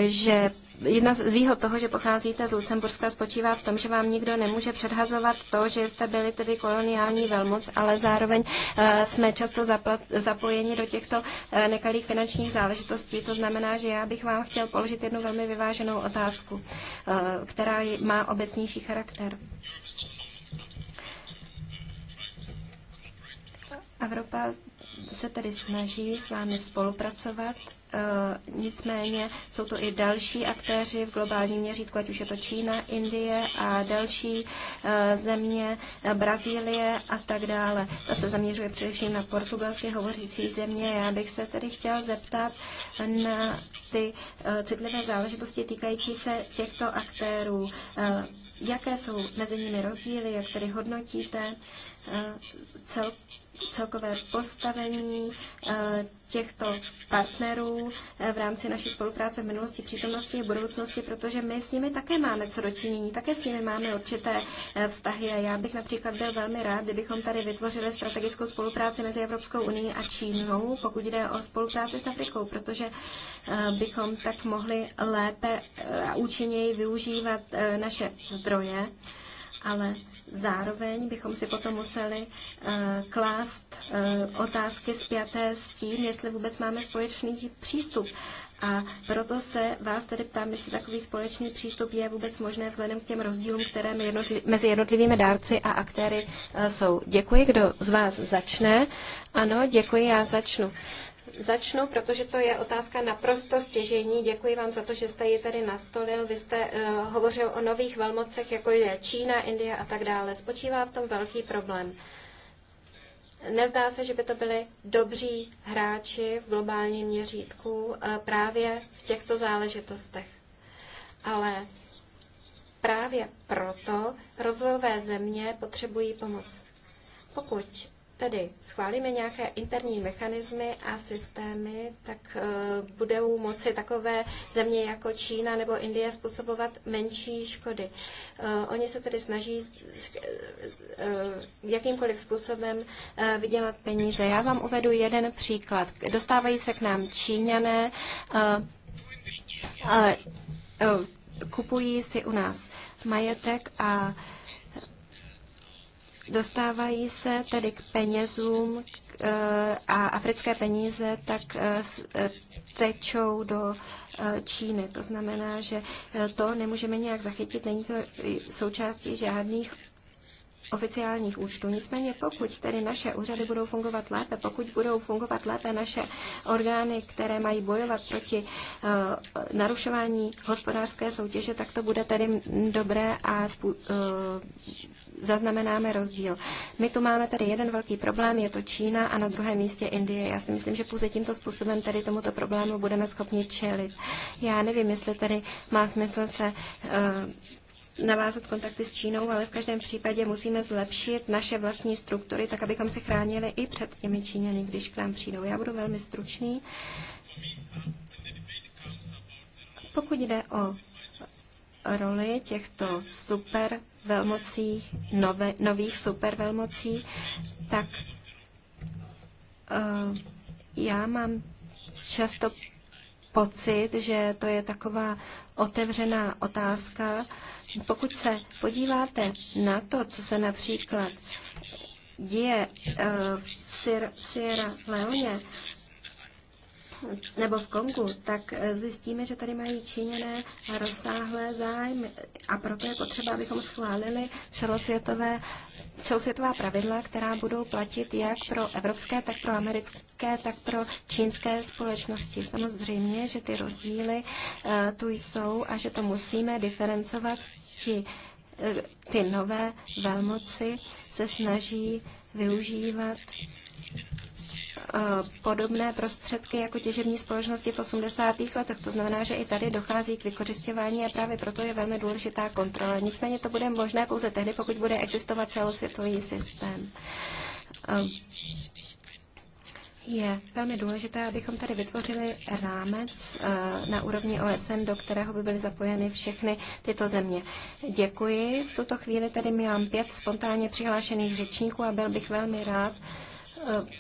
eh, že Jedna z výhod toho, že pocházíte z Lucemburska, spočívá v tom, že vám nikdo nemůže předhazovat to, že jste byli tedy koloniální velmoc, ale zároveň eh, jsme často zapojeni do těchto nekalých finančních záležitostí. To znamená, že já bych vám chtěl položit jednu velmi vyváženou otázku, která má obecnější charakter. Evropa se tedy snaží s vámi spolupracovat. Eh, nicméně jsou to i další aktéři v globálním měřítku, ať už je to Čína, Indie a další eh, země, eh, Brazílie a tak dále. Ta se zaměřuje především na portugalsky hovořící země. Já bych se tedy chtěl zeptat na ty citlivé záležitosti týkající se těchto aktérů. Jaké jsou mezi nimi rozdíly, jak tedy hodnotíte celkově celkové postavení eh, těchto partnerů eh, v rámci naší spolupráce v minulosti, přítomnosti a budoucnosti, protože my s nimi také máme co dočinění, také s nimi máme určité eh, vztahy a já bych například byl velmi rád, kdybychom tady vytvořili strategickou spolupráci mezi Evropskou unii a Čínou, pokud jde o spolupráci s Afrikou, protože bychom tak mohli lépe a účinněji využívat naše zdroje, ale Zároveň bychom si potom museli uh, klást uh, otázky spjaté s tím, jestli vůbec máme společný přístup. A proto se vás tedy ptám, jestli takový společný přístup je vůbec možné vzhledem k těm rozdílům, které jednotli- mezi jednotlivými dárci a aktéry uh, jsou. Děkuji, kdo z vás začne. Ano, děkuji, já začnu. Uh, začnu, protože to je otázka naprosto stěžejní. Děkuji vám za to, že jste ji tady nastolil. Vy jste uh, hovořil o nových velmocech, jako je Čína, Indie a tak dále. Spočívá v tom velký problém. Nezdá se, že by to byli dobří hráči v globálním měřítku uh, právě v těchto záležitostech. Ale právě proto rozvojové země potřebují pomoc. Pokud tedy schválíme nějaké interní mechanismy a systémy, tak eh, budou moci takové země jako Čína nebo Indie způsobovat menší škody. Eh, oni se tedy snaží eh, jakýmkoliv způsobem vydělat peníze. Já vám uvedu jeden příklad. Dostávají se k nám Číňané, kupují si u nás majetek a Dostávají se tedy k penězům e, a africké peníze tak e, e, tečou do Číny. To znamená, že to nemůžeme nějak zachytit, není to součástí žádných oficiálních účtů. Nicméně pokud tedy naše úřady budou fungovat lépe, pokud budou fungovat lépe naše orgány, které mají bojovat proti uh, narušování hospodářské soutěže, tak to bude tedy dobré a spů- uh, zaznamenáme rozdíl. My tu máme tady jeden velký problém, je to Čína a na druhém místě Indie. Já si myslím, že pouze tímto způsobem tady tomuto problému budeme schopni čelit. Já nevím, jestli tady má smysl se eh, navázat kontakty s Čínou, ale v každém případě musíme zlepšit naše vlastní struktury, tak abychom se chránili i před těmi Číňany, když k nám přijdou. Já budu velmi stručný. Pokud jde o roli těchto super velmocí, nové, nových supervelmocí, tak uh, já mám často pocit, že to je taková otevřená otázka. Pokud se podíváte na to, co se například děje eh, v Sierra Leone, nebo v Kongu, tak eh, zjistíme, že tady mají Číňané rozsáhlé zájmy. A proto je potřeba, abychom schválili celosvětové, celosvětová pravidla, která budou platit jak pro evropské, tak pro americké, tak pro čínské společnosti. Samozřejmě, že ty rozdíly eh, tu jsou a že to musíme diferencovat. Ti, eh, ty nové velmoci se snaží využívat Eh, podobné prostředky jako těžební společnosti v 80. letech. To znamená, že i tady dochází k vykořišťování a právě proto je velmi důležitá kontrola. Nicméně to bude možné pouze tehdy, pokud bude existovat celosvětový systém. Eh, je velmi důležité, abychom tady vytvořili rámec eh, na úrovni OSN, do kterého by byly zapojeny všechny tyto země. Děkuji. V tuto chvíli tady mám pět spontánně přihlášených řečníků a byl bych velmi rád,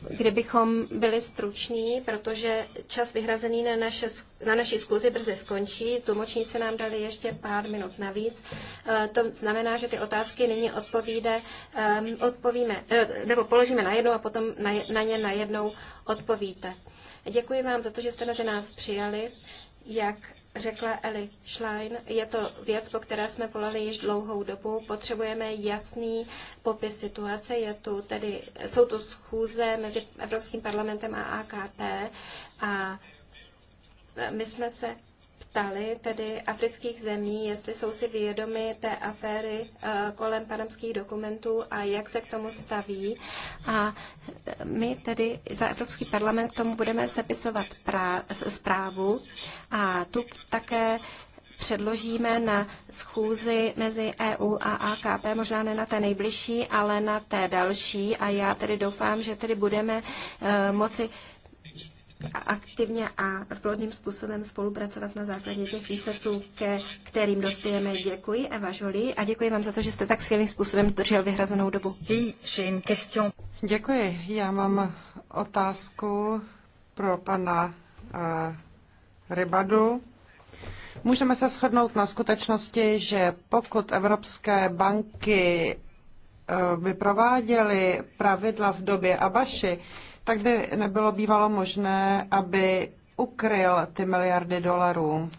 kdybychom byli struční, protože čas vyhrazený na, naše, na naší zkuzi brzy skončí. Tlumočníci nám dali ještě pár minut navíc. Eh, to znamená, že ty otázky nyní odpovíde, ehm, odpovíme, eh, nebo položíme na jednu a potom na, na ně najednou odpovíte. Děkuji vám za to, že jste mezi nás přijali. Jak řekla Eli Schlein, je to věc, po které jsme volali již dlouhou dobu. Potřebujeme jasný popis situace. Je tu tedy, jsou tu schůze mezi Evropským parlamentem a AKP a my jsme se ptali tedy afrických zemí, jestli jsou si vědomi té aféry eh, kolem panamských dokumentů a jak se k tomu staví. A eh, my tedy za Evropský parlament k tomu budeme sepisovat zprávu a tu také předložíme na schůzi mezi EU a AKP, možná ne na té nejbližší, ale na té další. A já tedy doufám, že tedy budeme eh, moci aktivně a plodným způsobem spolupracovat na základě těch výsledků, ke kterým dospějeme. Děkuji Eva Žoli a děkuji vám za to, že jste tak skvělým způsobem držel vyhrazenou dobu. Děkuji. Já mám otázku pro pana eh, Rybadu. Můžeme se shodnout na skutečnosti, že pokud evropské banky eh, by prováděly pravidla v době Abaši, tak by nebylo bývalo možné, aby ukryl ty miliardy dolarů.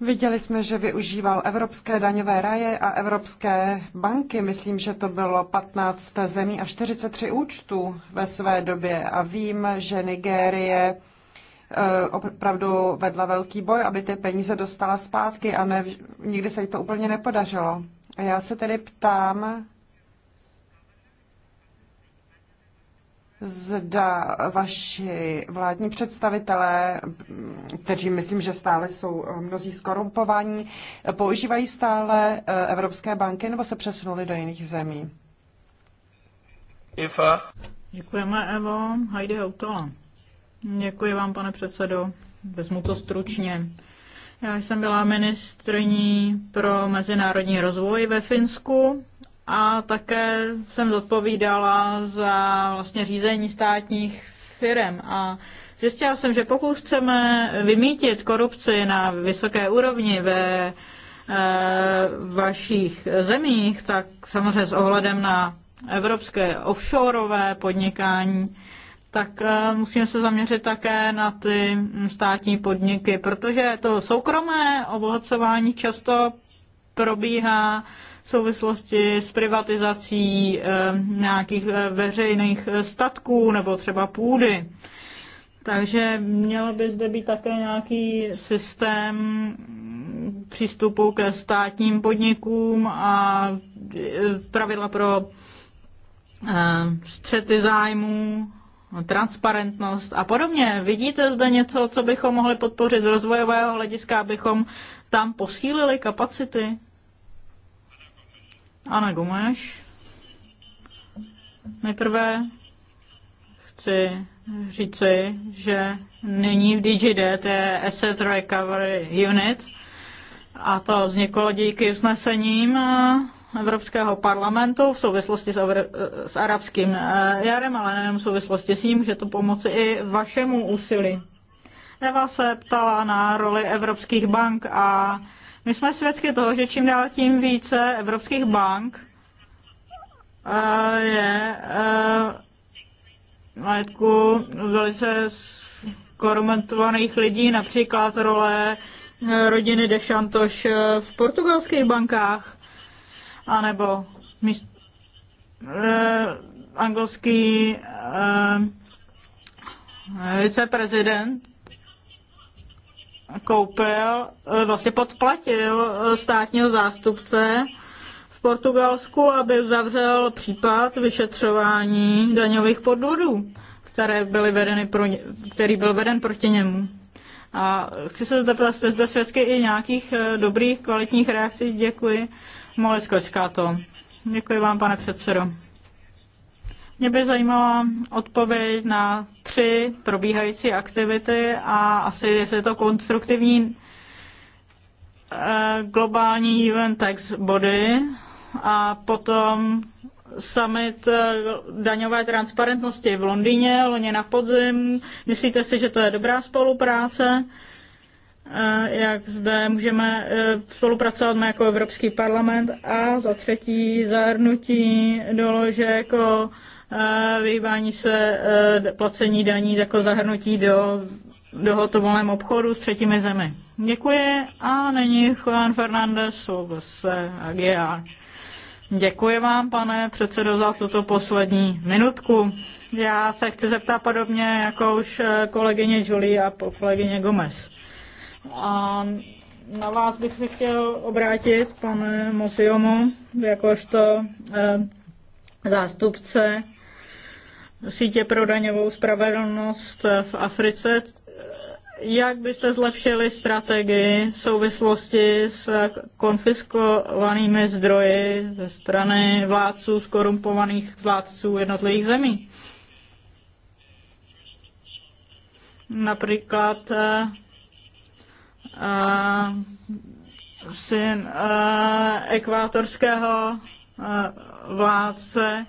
Viděli jsme, že využíval evropské daňové raje a evropské banky. Myslím, že to bylo 15 zemí a 43 účtů ve své době. A vím, že Nigérie eh, opravdu vedla velký boj, aby ty peníze dostala zpátky a ne, nikdy se jí to úplně nepodařilo. A já se tedy ptám, zda vaši vládní představitelé, kteří myslím, že stále jsou eh, mnozí skorumpovaní, používají stále eh, evropské banky nebo se přesunuli do jiných zemí? Eva. Děkujeme, Evo. Hajde Hautala. Děkuji vám, pane předsedo. Vezmu to stručně. Já jsem byla ministrní pro mezinárodní rozvoj ve Finsku a také jsem zodpovídala za vlastně řízení státních firm a zjistila jsem, že pokud chceme vymítit korupci na vysoké úrovni ve e, vašich zemích, tak samozřejmě s ohledem na evropské offshoreové podnikání, tak e, musíme se zaměřit také na ty státní podniky, protože to soukromé obohacování často probíhá v souvislosti s privatizací eh, nějakých eh, veřejných eh, statků nebo třeba půdy. Takže měl by zde být také nějaký systém přístupu ke státním podnikům a pravidla pro střety zájmů, transparentnost a podobně. Vidíte zde něco, co bychom mohli podpořit z rozvojového hlediska, abychom tam posílili kapacity? Ana Gumeš. Nejprve chci říci, že není v to je Asset Recovery Unit a to vzniklo díky usnesením eh, Evropského parlamentu v souvislosti s, eh, s arabským eh, jarem, ale nejenom v souvislosti s ním, že to pomoci i vašemu úsilí. Eva se ptala na roli evropských bank a my jsme svědky toho, že čím dál tím více evropských bank eh, je eh, majetku velice korumentovaných lidí, například role eh, rodiny de Chantoš v portugalských bankách, anebo míst, anglický uh, viceprezident koupil, eh, vlastně podplatil eh, státního zástupce v Portugalsku, aby zavřel případ vyšetřování daňových podvodů, které byly vedeny pro, který byl veden proti němu. A chci se zeptat, jste zde svědky i nějakých eh, dobrých, kvalitních reakcí. Děkuji. Molec Kočka to. Děkuji vám, pane předsedo. Mě by zajímala odpověď na tři probíhající aktivity a asi jestli je to konstruktivní eh, globální UN tax body a potom summit eh, daňové transparentnosti v Londýně loni na podzim. Myslíte si, že to je dobrá spolupráce? Eh, jak zde můžeme spolupracovat jako Evropský parlament a za třetí zahrnutí doložek jako Eh, vyhýbání se eh, placení daní jako zahrnutí do dohotovolném obchodu s třetími zemi. Děkuji a není Juan Fernández z AGR. Děkuji vám, pane předsedo, za tuto poslední minutku. Já se chci zeptat podobně jako už eh, kolegyně Julie a kolegyně Gomez. A na vás bych se chtěl obrátit, pane Mosiomu, jakožto zástupce sítě pro daňovou spravedlnost v Africe. Jak byste zlepšili strategii v souvislosti s konfiskovanými zdroji ze strany vládců, skorumpovaných vládců jednotlivých zemí? Například uh, syn uh, ekvátorského uh, vládce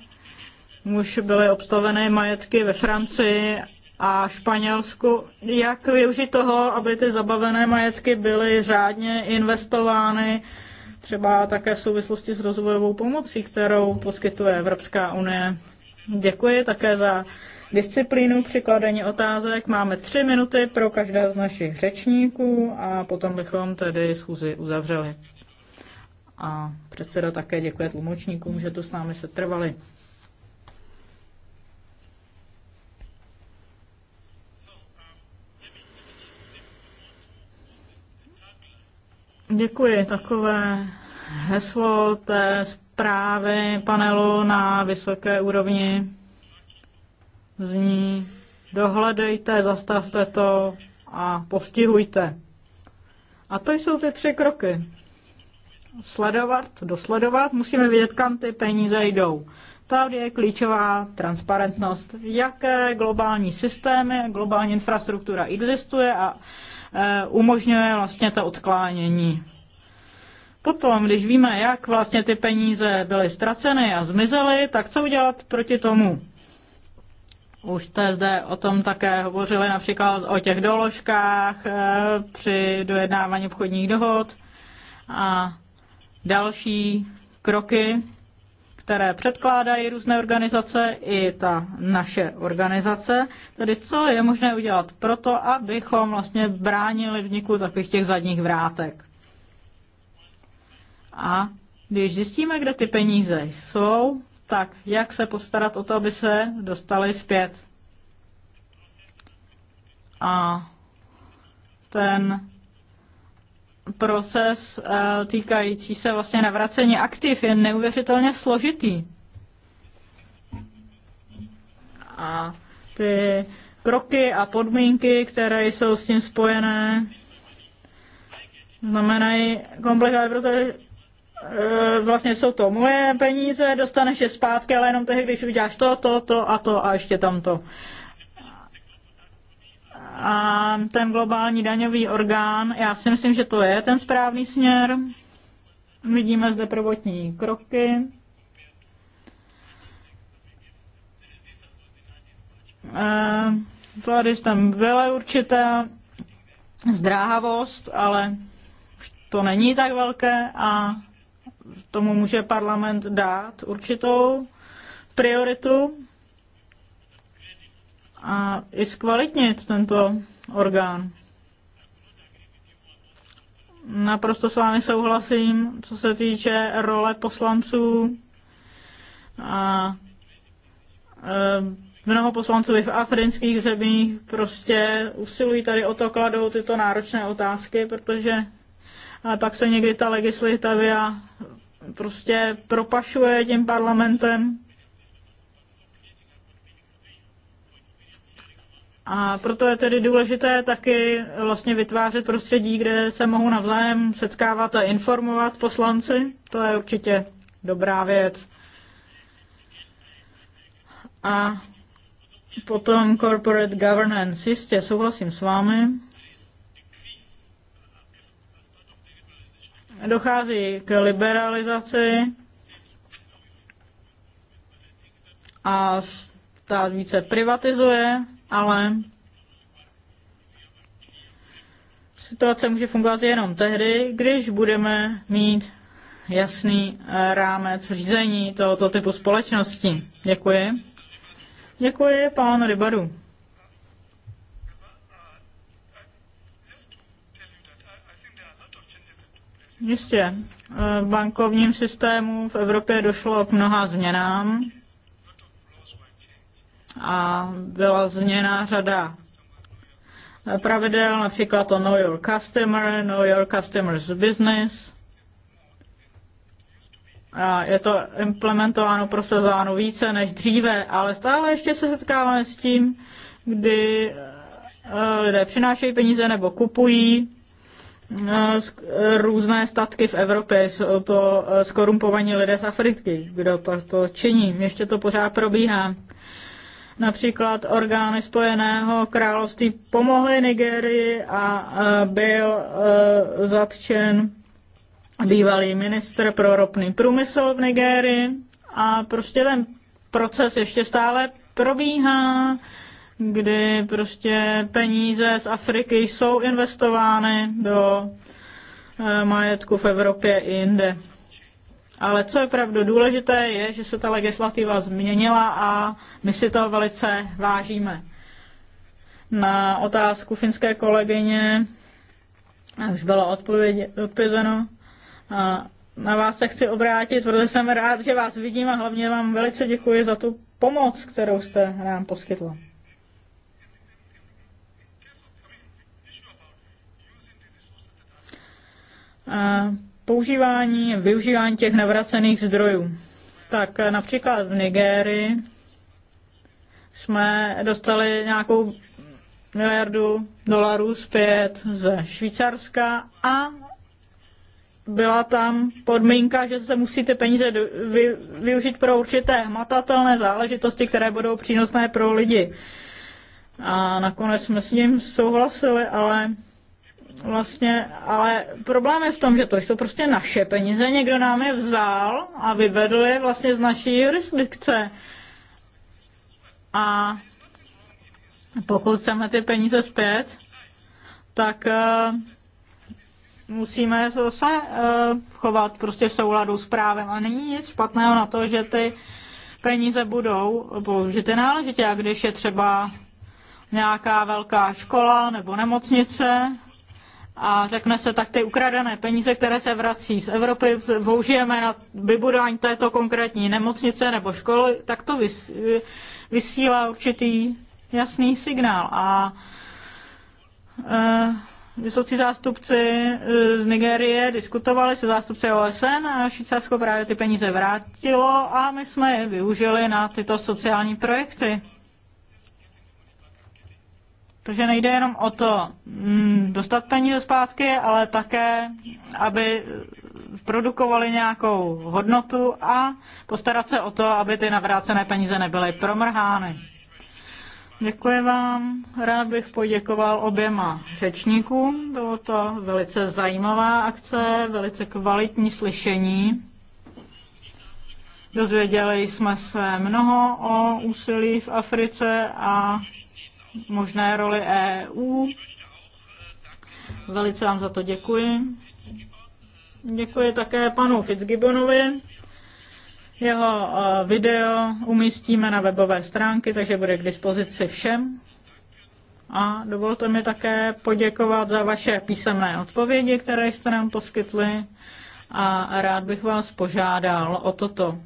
muž byly obstavené majetky ve Francii a Španělsku. Jak využít toho, aby ty zabavené majetky byly řádně investovány, třeba také v souvislosti s rozvojovou pomocí, kterou poskytuje Evropská unie? Děkuji také za disciplínu při kladení otázek. Máme tři minuty pro každého z našich řečníků a potom bychom tedy schůzi uzavřeli. A předseda také děkuje tlumočníkům, že tu s námi se trvali. Děkuji. Takové heslo té zprávy panelu na vysoké úrovni zní dohledejte, zastavte to a postihujte. A to jsou ty tři kroky. Sledovat, dosledovat, musíme vědět, kam ty peníze jdou. Tady je klíčová transparentnost, jaké globální systémy, globální infrastruktura existuje a Eh, umožňuje vlastně to odklánění. Potom, když víme, jak vlastně ty peníze byly ztraceny a zmizely, tak co udělat proti tomu? Už jste zde o tom také hovořili například o těch doložkách eh, při dojednávání obchodních dohod a další kroky, které předkládají různé organizace i ta naše organizace. Tedy co je možné udělat proto, abychom vlastně bránili vniku takových těch zadních vrátek. A když zjistíme, kde ty peníze jsou, tak jak se postarat o to, aby se dostali zpět. A ten proces eh, týkající se vlastně navracení aktiv je neuvěřitelně složitý. A ty kroky a podmínky, které jsou s tím spojené, znamenají komplikace, protože eh, vlastně jsou to moje peníze, dostaneš je zpátky, ale jenom tehdy, když uděláš to, to, to a to a ještě tamto a ten globální daňový orgán, já si myslím, že to je ten správný směr. Vidíme zde prvotní kroky. Eh, je tam byla určitá zdráhavost, ale to není tak velké a tomu může parlament dát určitou prioritu a i zkvalitnit tento orgán. Naprosto s vámi souhlasím, co se týče role poslanců a eh, mnoho poslanců i v afrických zemích prostě usilují tady o to, kladou tyto náročné otázky, protože ale pak se někdy ta legislativa prostě propašuje tím parlamentem A proto je tedy důležité taky vlastně vytvářet prostředí, kde se mohou navzájem setkávat a informovat poslanci. To je určitě dobrá věc. A potom corporate governance. Jistě souhlasím s vámi. Dochází k liberalizaci a stát více privatizuje ale situace může fungovat jenom tehdy, když budeme mít jasný eh, rámec řízení tohoto typu společnosti. Děkuji. Děkuji pán Rybaru. Jistě. Eh, v bankovním systému v Evropě došlo k mnoha změnám a byla změna řada pravidel, například to Know Your Customer, Know Your Customer's Business. A je to implementováno, prosazováno více než dříve, ale stále ještě se setkáváme s tím, kdy eh, lidé přinášejí peníze nebo kupují eh, různé statky v Evropě. Jsou to eh, skorumpovaní lidé z Afriky, kdo to, to činí. Ještě to pořád probíhá. Například orgány Spojeného království pomohly Nigerii a byl e, zatčen bývalý ministr pro ropný průmysl v Nigérii a prostě ten proces ještě stále probíhá, kdy prostě peníze z Afriky jsou investovány do e, majetku v Evropě i jinde. Ale co je pravdu důležité, je, že se ta legislativa změnila a my si to velice vážíme. Na otázku finské kolegyně už bylo odpovězeno. na vás se chci obrátit, protože jsem rád, že vás vidím a hlavně vám velice děkuji za tu pomoc, kterou jste nám poskytla. Uh, používání, využívání těch navracených zdrojů. Tak eh, například v Nigérii jsme dostali nějakou miliardu dolarů zpět ze Švýcarska a byla tam podmínka, že se musíte peníze využít pro určité hmatatelné záležitosti, které budou přínosné pro lidi. A nakonec jsme s ním souhlasili, ale Vlastně, ale problém je v tom, že to jsou prostě naše peníze. Někdo nám je vzal a vyvedl je vlastně z naší jurisdikce. A pokud chceme ty peníze zpět, tak uh, musíme zase uh, chovat prostě v souladu s právem. A není nic špatného na to, že ty peníze budou použity náležitě. A když je třeba nějaká velká škola nebo nemocnice, a řekne se, tak ty ukradené peníze, které se vrací z Evropy, použijeme na vybudování této konkrétní nemocnice nebo školy, tak to vysílá určitý jasný signál. A e, vysocí zástupci eh, z Nigérie diskutovali se zástupci OSN a Švýcarsko právě ty peníze vrátilo a my jsme je využili na tyto sociální projekty. Protože nejde jenom o to mm, dostat peníze zpátky, ale také, aby produkovali nějakou hodnotu a postarat se o to, aby ty navrácené peníze nebyly promrhány. Děkuji vám. Rád bych poděkoval oběma řečníkům. Bylo to velice zajímavá akce, velice kvalitní slyšení. Dozvěděli jsme se mnoho o úsilí v Africe a možné roli EU. Velice vám za to děkuji. Děkuji také panu Fitzgibbonovi. Jeho eh, video umístíme na webové stránky, takže bude k dispozici všem. A dovolte mi také poděkovat za vaše písemné odpovědi, které jste nám poskytli a rád bych vás požádal o toto.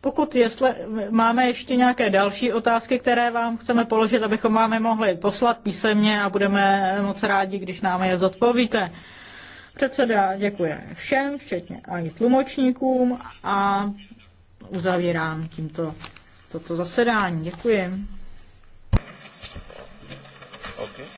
Pokud jestli máme ještě nějaké další otázky, které vám chceme položit, abychom vám je mohli poslat písemně a budeme moc rádi, když nám je zodpovíte. Předseda děkuje všem, včetně i tlumočníkům a uzavírám tímto toto zasedání. Děkuji. Okay.